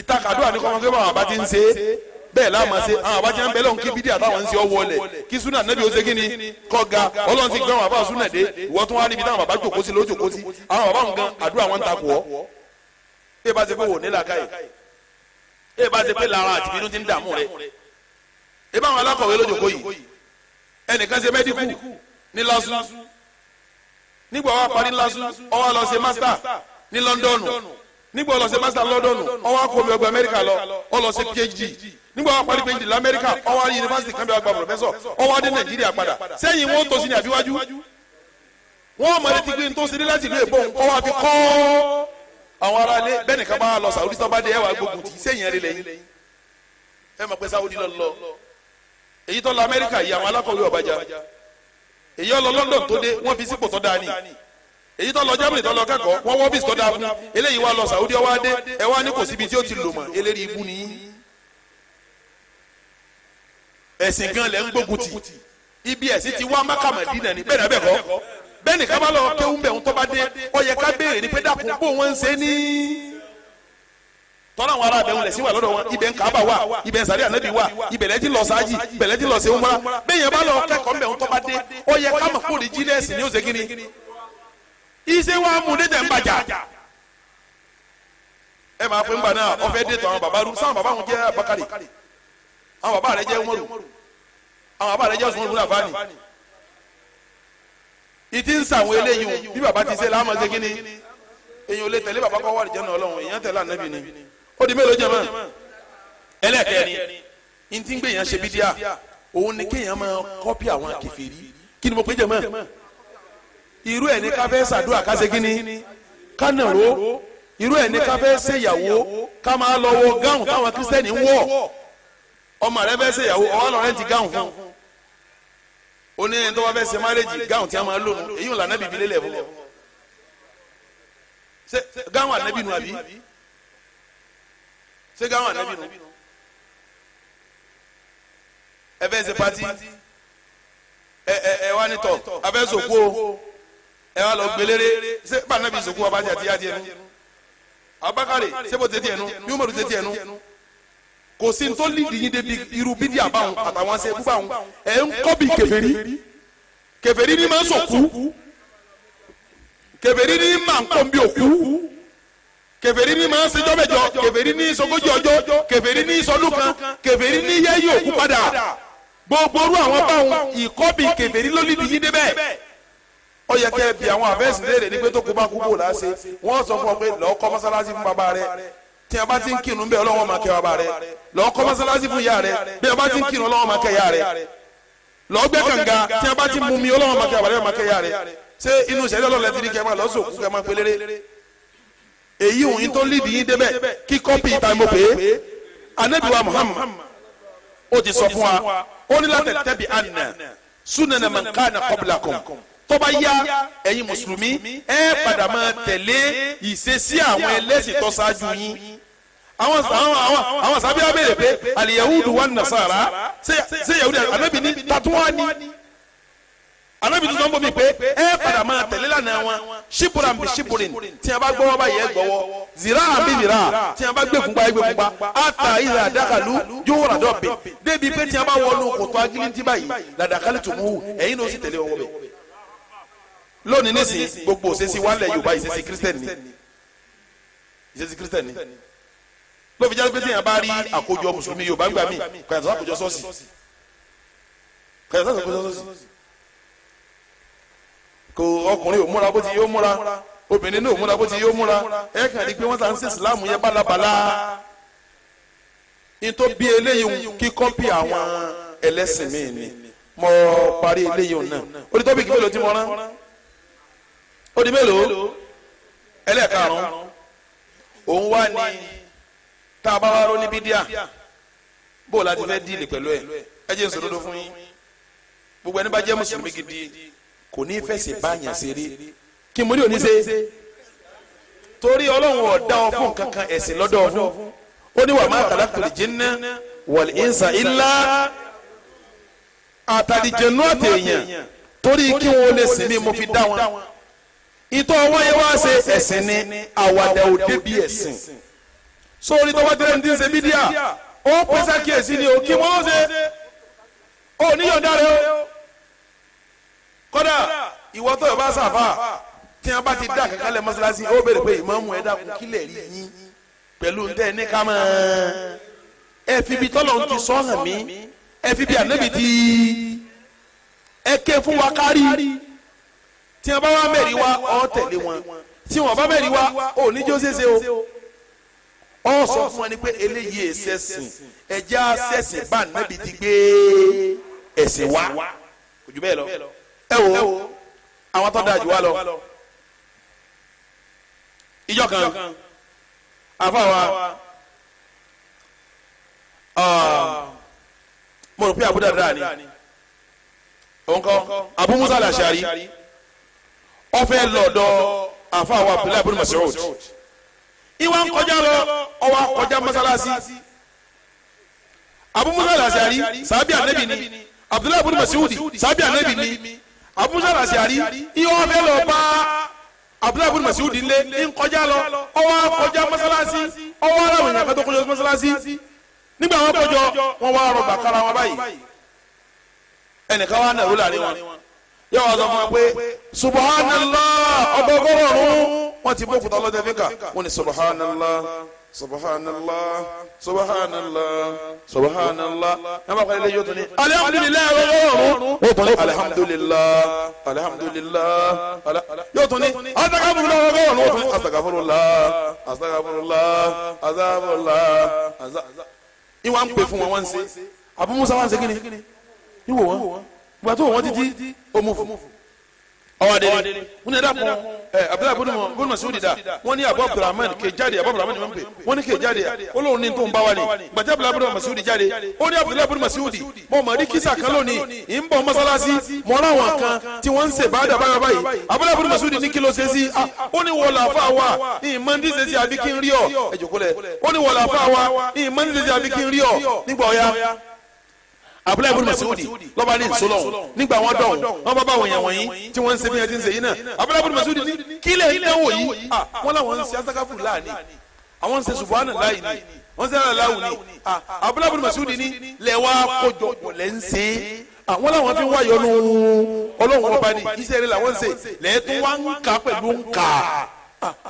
ìtakàdúà ní kọ́mọ́gbé bẹ́ẹ̀ láàmà ṣe àwọn àbájá ń bẹ lọ́hùn kí bídí àtàwọn ń ṣe ọ wọlẹ̀ kí súnà nẹ́bí ó ṣe kí ni kọ́ga ọlọ́run ti gbọ́n àbá súnà dé ìwọ tún wá níbi táwọn bàbá jòkó sí ló jòkó sí àwọn bàbá nǹkan àdúrà wọn ń takò ọ́ bí ẹ bá ṣe pé wò ní làákàyè bí ẹ bá ṣe pé lára àti bínú ti ń dààmú rẹ ẹ bá àwọn alákọ̀wé lójòkó yìí ẹnìkan ṣe mẹ́díkù ní lásù nígbà wá parí lásù ó lọ ṣe mástà ní London nígbà ó lọ ṣe mástà ní London ó wá kó lọ ó lọ PhD nígbà wà parí péjì lamẹ́ríkà ó wá yunifásitì kan bí wà gba pòfẹ́sọ̀ ó wá dé nàìjíríà padà sẹ́yìn wọn tó sí ní àbíwájú wọn mọ̀ létí pé tó sí ní láti ìlú èbó nǹkan wà fi kọ́ àwọn ará ilé bẹ́ẹ̀ nìkan bá lọ sàwùdí tó bá dé ẹwà gbógun tì í sẹ́yìn ẹ̀rí lẹ́yìn ẹ mọ̀ pé sáwùdí lọ lọ èyí tó la amẹ́ríkà yìí àwọn alákọ̀wé ọ̀bàjá èyí ọlọ London tó dé wọ́n fi sípò tó dáa ni èyí tó lọ Germany tó lọ kẹ́kọ̀ọ́ wọ́n wọ́n bíìsì tó dáa fún eléyìí wá lọ sàwùdí ọwọ́ adé ẹ wá ní kò síbi tí ó ti lò mọ́ eléyìí ibú nìyí ẹ̀sìn gan lẹ̀ ń gbógun ti ibi ẹ̀sìn ti wá mákàmàdínà ni bẹ́ẹ̀ náà bẹ́ẹ̀ kọ́ bẹ́ẹ̀ nìkan bá lọ kéwú bẹ̀ ń tó bá dé ó yẹ ká béèrè ní pé dàkún bó wọn ń ṣe ní. tọ́lá àwọn ará abẹ́wọ̀n lẹ̀sìn wà lọ́dọ̀ wọn ibẹ̀ ń Kaaba wà ibẹ̀ ń sàrí ànábì wà ibẹ̀ lẹ́tí lọ sáájì ibẹ̀ lẹ́tí lọ sẹ́wọ́n mọ́ra bẹ́ẹ̀ yẹn bá lọ kẹ́kọ̀ọ́ bẹ̀ ń tó bá dé ó yẹ àwọn bàbá rẹ jẹ́ umaru àwọn bàbá rẹ jẹ́ usman ibùdó àfáàní ìdí ń sàwọn eléyìí bí bàbá ti ṣe láàmú ṣe kíni èyàn ò lè tẹ̀lé bàbá kọ́ wà lìjẹ́ náà ọlọ́run èyàn tẹ̀lé ànábì ni ó di mélòó jẹ́mọ́ ẹlẹ́kẹ̀ẹ́ni ìdí ń gbé yẹn ṣe bídíà òun ni kéèyàn máa kọ́pì àwọn kèfèrí kí ni mo pé jẹ́mọ́ irú ẹ̀ ní ká fẹ́ ṣàdúrà ká ṣe kíni ká nàró irú ẹ̀ ní ká fẹ́ ṣèyàwó ká máa lọ wọ gáwùn táwọn kírísítẹ́nì ń wọ̀ ọmọ rẹ fẹ́ ṣe ìyàwó ọwọ́ lọ́rẹ́ ti gáhùn fún o ní ẹni tó bá fẹ́ ṣe márẹ́jì gáhùn tí a máa lò nù èyí ò lànà bìbí lélẹ̀ fún ṣe gáhùn ànábì nù àbí ṣe gáhùn ànábì nù ẹ fẹ́ ṣe pati ẹ ẹ ẹ wá ní tọ̀ a fẹ́ sòkó ẹ wá lọ gbélére ṣe bá ànábì sòkó wa bá ti àti yá tiẹ̀ nu abakari ṣe bó tètè yẹn nu bí tètè yẹn kò sí ní tó lídìí yín débi irú bídí àbáwọn àtàwọn ṣe búbá wọn ẹ ń kọ́ bí kèfèrí kèfèrí ni máa ń sòkú kèfèrí ni máa ń kọ́ òkú kèfèrí ni máa ń sejọ́ mẹ́jọ kèfèrí ni sogójì ọjọ́ kèfèrí ni sọdún kan kèfèrí ni yẹ́yí òkú padà gbogbo orú àwọn báwọn ìkọ́bí kèfèrí ló lídìí yín débẹ̀ ó yẹ kẹ́ bí àwọn àfẹ́sìn léèrè nígbẹ́ tó kó bá kú bò láṣẹ wọ́n sọ fún ọ pé lọ́ọ́ kọ́ mọ́sálásí tí a bá ti ń kírun bẹ́ẹ̀ ọlọ́wọ́n máa kẹ́ wa bá rẹ lọ́ọ́ kọ́ mọ́sálásí fún ìyá rẹ bí a bá ti ń kírun ọlọ́wọ́n máa kẹ́ ìyá rẹ lọ́ọ́ gbẹ́ kànga tí a bá ti mú mi ọlọ́wọ́n máa kẹ́ wa máa kẹ́ ìyá rẹ ṣé inú ìṣẹ̀lẹ̀ ọlọ́ọ̀lẹ́ ti ní kẹ́ máa lọ́sọ̀ kú kẹ́ máa pelére èyí òun tó lídì yín débẹ̀ kí kọ́pì ìtàmọ̀ pé anabiwa Muhammad ó ti sọ fún wa ó ní látẹ̀ tẹ́bi àná súnana man kana qablakum tó bá yá ẹ̀yin mùsùlùmí ẹ padà máa tẹ̀lé ìṣesí àwọn ẹlẹ́sìn tó ṣáájú yín àwọn àwọn àwọn àwọn sábẹ́ abẹ́rẹ́ pé aliyahudu wa nasara ṣe yahudu anabi ni tatuwa ni anabi tuntun bomi pé ẹ padà máa tẹ̀lé lánàá wọn ṣibura nbí ṣiburin tí a bá gbọ́wọ́ bá yẹ gbọ́wọ́ zira nbí zira tí a bá gbẹ̀kúgba gbẹ̀kúgba ata ìlà dàkàlù yóòwòrán dọ̀bẹ̀ débi pé tí a bá wọnú kòtò agilinti báyìí làdàkàlì tùmù ẹ̀yin ló sì tẹ̀lé wọn bẹ́ẹ̀ lónìí nísìn gbogbo òṣèṣì wálẹ̀ yorùbá ìṣèṣì kírísítẹ́nì ni ìṣèṣì kírísítẹ́nì ni ló fi jẹ́ pé tíyẹn bá rí àkójọ mùsùlùmí yorùbá gbà mí kàyàtọ̀ àkójọ sọ́ọ̀sì kàyàtọ̀ àkójọ sọ́ọ̀sì kò ọkùnrin ò múra bó ti yóò múra obìnrin ní ò múra bó ti yóò múra ẹ kàn rí i pé wọ́n ta ń ṣe ìsìláàmù yẹn bálabàlá nítorí bí eléyìí kíkọ́ bí àwọn ẹlẹ́sìn mi ni mo parí eléyìí náà onítọ́bí kí mélòó ti mọ rán ó di mélòó ẹlẹ́ẹ̀karùn òun wá ní tá bá wá ró ní bídíà bó o láti fẹ́ díìlì pẹ̀lú ẹ̀ ẹ jẹ́ nsòdodo fún yín gbogbo ẹni bá jẹ́ mùsùlùmí gidi kò ní fẹsẹ̀ báyàn ṣeré kí mo rí òní ṣe torí ọlọ́run ọ̀dá ọ fún kankan ẹ̀sìn lọ́dọ̀ ọdún ó ní wàá má khalaqtul jinna wal insa illa àtàlìjẹ̀nú àtẹ̀yàn torí kí wọn ó lè sinmi mo fi dá wọn ìtọ́ wáyé wá ṣe ẹ̀sìn ni àwàdà òde bíi ẹ̀sìn sórí tó wá tẹ́lẹ̀ ní ṣe bídíà ó pèsè àkíyèsí ni o kí wọ́n ṣe ó níyọ̀ǹda rẹ o kódà ìwọ tó yọ bá sàfà tí wọn bá ti dá kankan lẹ mọ́ṣáláṣí ó béèrè pé ìmáàmù ẹ dákun kílẹ̀ rí yín pẹ̀lú ntẹ́ ní ká máa ẹ fi bí tọ́lọ̀ ti sọ hàn ẹ fi bí ànábì ti ẹ ké fún wa kárí tí wọ́n bá wá mẹ́rin wá ọ tẹ̀lé wọn tí wọ́n bá mẹ́rin wá ò ní jó ṣeéṣe o ọ sọ fún wọn ni pé eléyìí ẹsẹsìn ẹjẹ àṣẹsìn bá nẹbi ti gbé ẹsìn wá kò bẹ́ẹ̀ lọ ẹ wo àwọn tó dáa wá lọ ìjọ kan àfàwà ah. mo rò pé Abu ni òun kọ́ Abu Musa al-Ashari ọfẹ lọ́dọ̀ àfa wa abdullahi ibn Mas'ud ìwà ń kọjá lọ ọwọ masalasi Abu Musa al-Ash'ari sàbí anabi ni abdullahi ibn Mas'ud sàbí anabi ni Abu Musa al-Ash'ari ìwà ọfẹ lọ bá abdullahi ibn Mas'ud nílé ń masalasi ọwọ aláwọ èèyàn kẹtọ masalasi nígbà wọn kọjọ wọn wá rọgbà kára wọn báyìí ẹnìkan wà nàró láàrin wọn yóò wá sọ fún wa pé subhanallah ọba ọgọ́rùn-ún wọn ti bó kuta ọlọ́dẹ wọn ni subhanallah subhanallah subhanallah subhanallah ẹ máa kọ́ ilé yóò tún ní alihamudulilayi ọgọ́rùn-ún ó tún ní alihamudulilayi alihamudulilayi yóò tún ní asagafurula ọgọ́rùn-ún asagafurula asagafurula asagafurula ìwà ń pè fún wọn wọn ń ṣe Abu Musa wọn ń ṣe kí ni wọn gbàtó wọn títí omufu ọwọdele wọn yẹda kun ẹ abdulayi bọlọmọ bọlọmọ sọ dida wọn ni abu abdulrahman ke jáde abu abdulrahman ni wọn pe wọn ni ke jáde olóhùn ni tó ń bá wa ni gbàtí abdulayi bọlọmọ sọ di jáde ó ní abdulayi bọlọmọ sọ di mọ kisa kan lónìí ń bọ mọ́sálásí mọlá wọn kan tí wọn ń ṣe báyà báyà báyìí abdulayi bọlọmọ sọ di ní kilo sẹsí ó ní wọlé afa wa ní mandi sẹsí àbí kí n rí ọ ẹ jòkó lẹ ó ní wọlé afa wa ní mandi sẹsí àbí rí ọ nígbà ọya abúlé ibùdó masudi lọ́ba ní ìsolọ́ nígbà wọn dọ̀ wọn bá bá wọ̀nyẹn wọ̀nyí tí wọ́n ń ṣe bí wọ́n ti ń ṣe yìí náà abúlé ibùdó masudi ní kílẹ̀ ìdánwò yìí wọ́n làwọn ń ṣe asakafu ah, láàní àwọn ń ṣe subahana láàyè ni wọ́n ń ṣe aláwù ni ah, abúlé ibùdó masudi ní lẹ́wà kójọpọ̀ lẹ́ ń ṣe àwọn ah, làwọn fi ń wáyọnu ọlọ́run ọba ni iṣẹ́ rẹ̀ làwọn ń ṣe lẹ́ẹ̀tún wá ń kà pẹ̀lú ń kà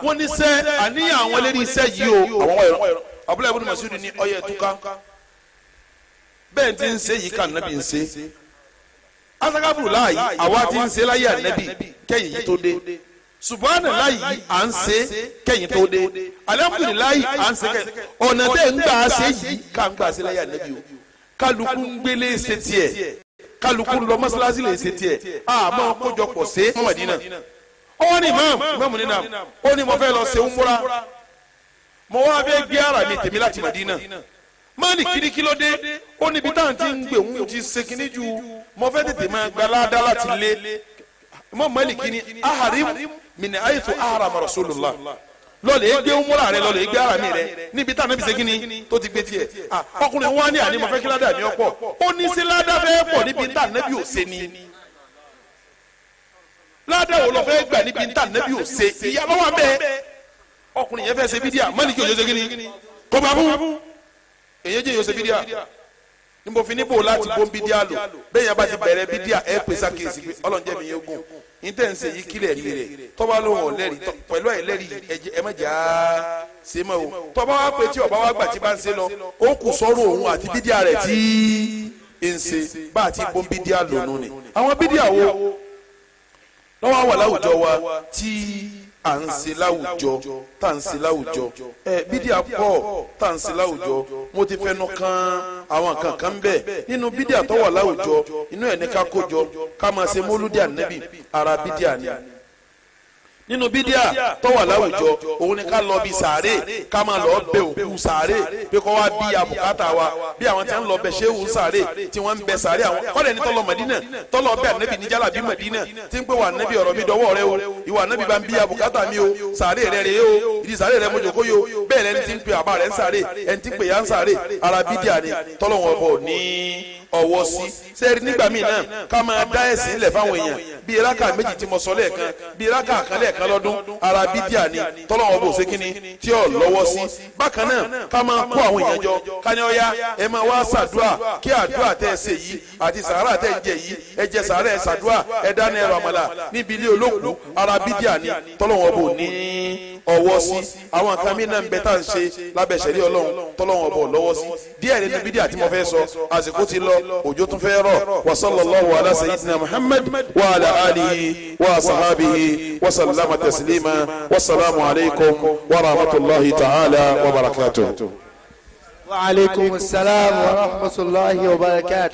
wọ́n ní sẹ́ àníyàn àwọn eléyìí iṣẹ́ yìí masudi ní ọyẹ bẹ́ẹ̀ ti ń ṣe yìí ká nàbì ń ṣe asakaburu láàyè àwa ti ń ṣe láyé ànẹ́bì kẹ́yìn yìí tó dé subahana láyè à ń ṣe kẹ́yìn tó dé alihamudulilayi à ń ṣe kẹ́yìn ọ̀nà tẹ́ ń gbà ṣe yìí ká ń gbà ṣe láyé ànẹ́bì o kálukú ń gbélé ṣe tiẹ̀ kálukú ń lọ mọ́ṣáláṣí lè ṣe tiẹ̀ àmọ́ kójọpọ̀ ṣe mọ́mọ́dínà ó ní imam imam nínà ó ní mo fẹ́ lọ ṣe umura mo wá fẹ́ gbé ara mi tèmi láti Madina. mọ́ọ̀nì kiri ó níbi tá à ń ti ń gbè ń ti kíní ju fẹ́ tètè máa gba ládá láti lé mọ́ mọ́ọ̀nì aharim mìnà àyètò aharama rasulullah lọ́ọ̀lẹ̀ égbé umura rẹ ara mi rẹ níbi tá à ń kíní tó ti gbé tiẹ̀ ah, ọkùnrin wọn ní àní mo fẹ́ kí ládá ni ládá wo lọ fẹ́ gbà níbi tá à ìyá èyí jẹ́ yóò ṣe bídíà ni mo fi ní bò láti bó bídíà lò bẹ́ẹ̀ yẹn bá ti bẹ̀rẹ̀ bídíà ẹ̀ pè sákèsì pé ọlọ́njẹ́ mi yóò gùn ní tẹ̀ ń ṣe yìí kílẹ̀ rí rẹ̀ tọ́ba ló wọ̀ lẹ́rìí pẹ̀lú ẹ̀ lẹ́rìí ẹ̀jẹ̀ ẹ̀ mọ̀jà ṣe mọ̀ o tọ́ba wa pé tí ọba wa gbà tí bá ń ṣe lọ ó kù sọ́rọ̀ òun àti bídíà rẹ̀ tí ń ṣe bá àti bó bídíà lò nù ni àwọn bídíà wo lọ́wọ́ à ń ṣe láwùjọ tá à ń ṣe láwùjọ ẹ bídíà pọ̀ tá à ń ṣe láwùjọ mo ti fẹnu kan àwọn nǹkan kan ń bẹ nínú bídíà tó láwùjọ inú ẹ̀ ní ká kó jọ ká máa ṣe mólúdí ànábì ara bídíà ni nínú bídíà tó wà láwùjọ òun ni ká lọ bí sàárè ká máa lọ bẹ òkú sàárè pé kó wá bí abùkátà wa bí àwọn tí wọ́n lọ bẹ ṣéwù sàárè tí wọ́n ń bẹ sàárè àwọn kọ́lẹ̀ ní tọ́lọ mọ̀dínà tọ́lọ bẹ ànábì níjàlá bí mọ̀dínà tí ń pè wà ànábì ọ̀rọ̀ mi dọ́wọ́ rẹ o ìwà ànábì bá ń bí abùkátà mi o sàárè rẹ rẹ o ìdí sàárè rẹ mojoko yo bẹ́ẹ̀ lẹni tí ń pè ni ọwọ́ sí sẹ́ẹ̀rì nígbà míì náà ká máa dá ẹ̀sìn ilẹ̀ fáwọn èèyàn bíi rákà méjì tí mo sọ lẹ́ẹ̀kan bíi rákà kan lọ́dún ara bídíà ni tọ́lọ́wọ́n bò ṣe kínní tí ò lọ́wọ́ sí bákan náà ká máa kó àwọn èèyàn jọ ká ní ọ̀yá ẹ máa wá ṣàdúrà kí àdúrà tẹ́ ẹ ṣe yìí àti sàárà tẹ́ ẹ jẹ yìí ẹ jẹ sàárà ẹ ṣàdúrà ẹ dáná ẹ ràmàlà níbi ilé olóòkú ara bídíà ni tọ́lọ́wọ́n bò ní ọwọ́ sí àwọn nǹkan mí náà ń bẹ tá à ń ṣe lábẹ́sẹ̀rí ọlọ́run tọ́lọ́wọ́n bò lọ́wọ́ sí díẹ̀ nínú bídíà tí mo fẹ́ sọ àsìkò ti lọ òjò tún fẹ́ rọ̀ wa sallallahu ala sayyidina muhammad wa ala alihi wa sahabihi wa sallama taslima wa salamu alaykum wa rahmatulahi ta'ala wa barakatuh. wa aleykum salaam wa rahmatulahi wa barakatuh.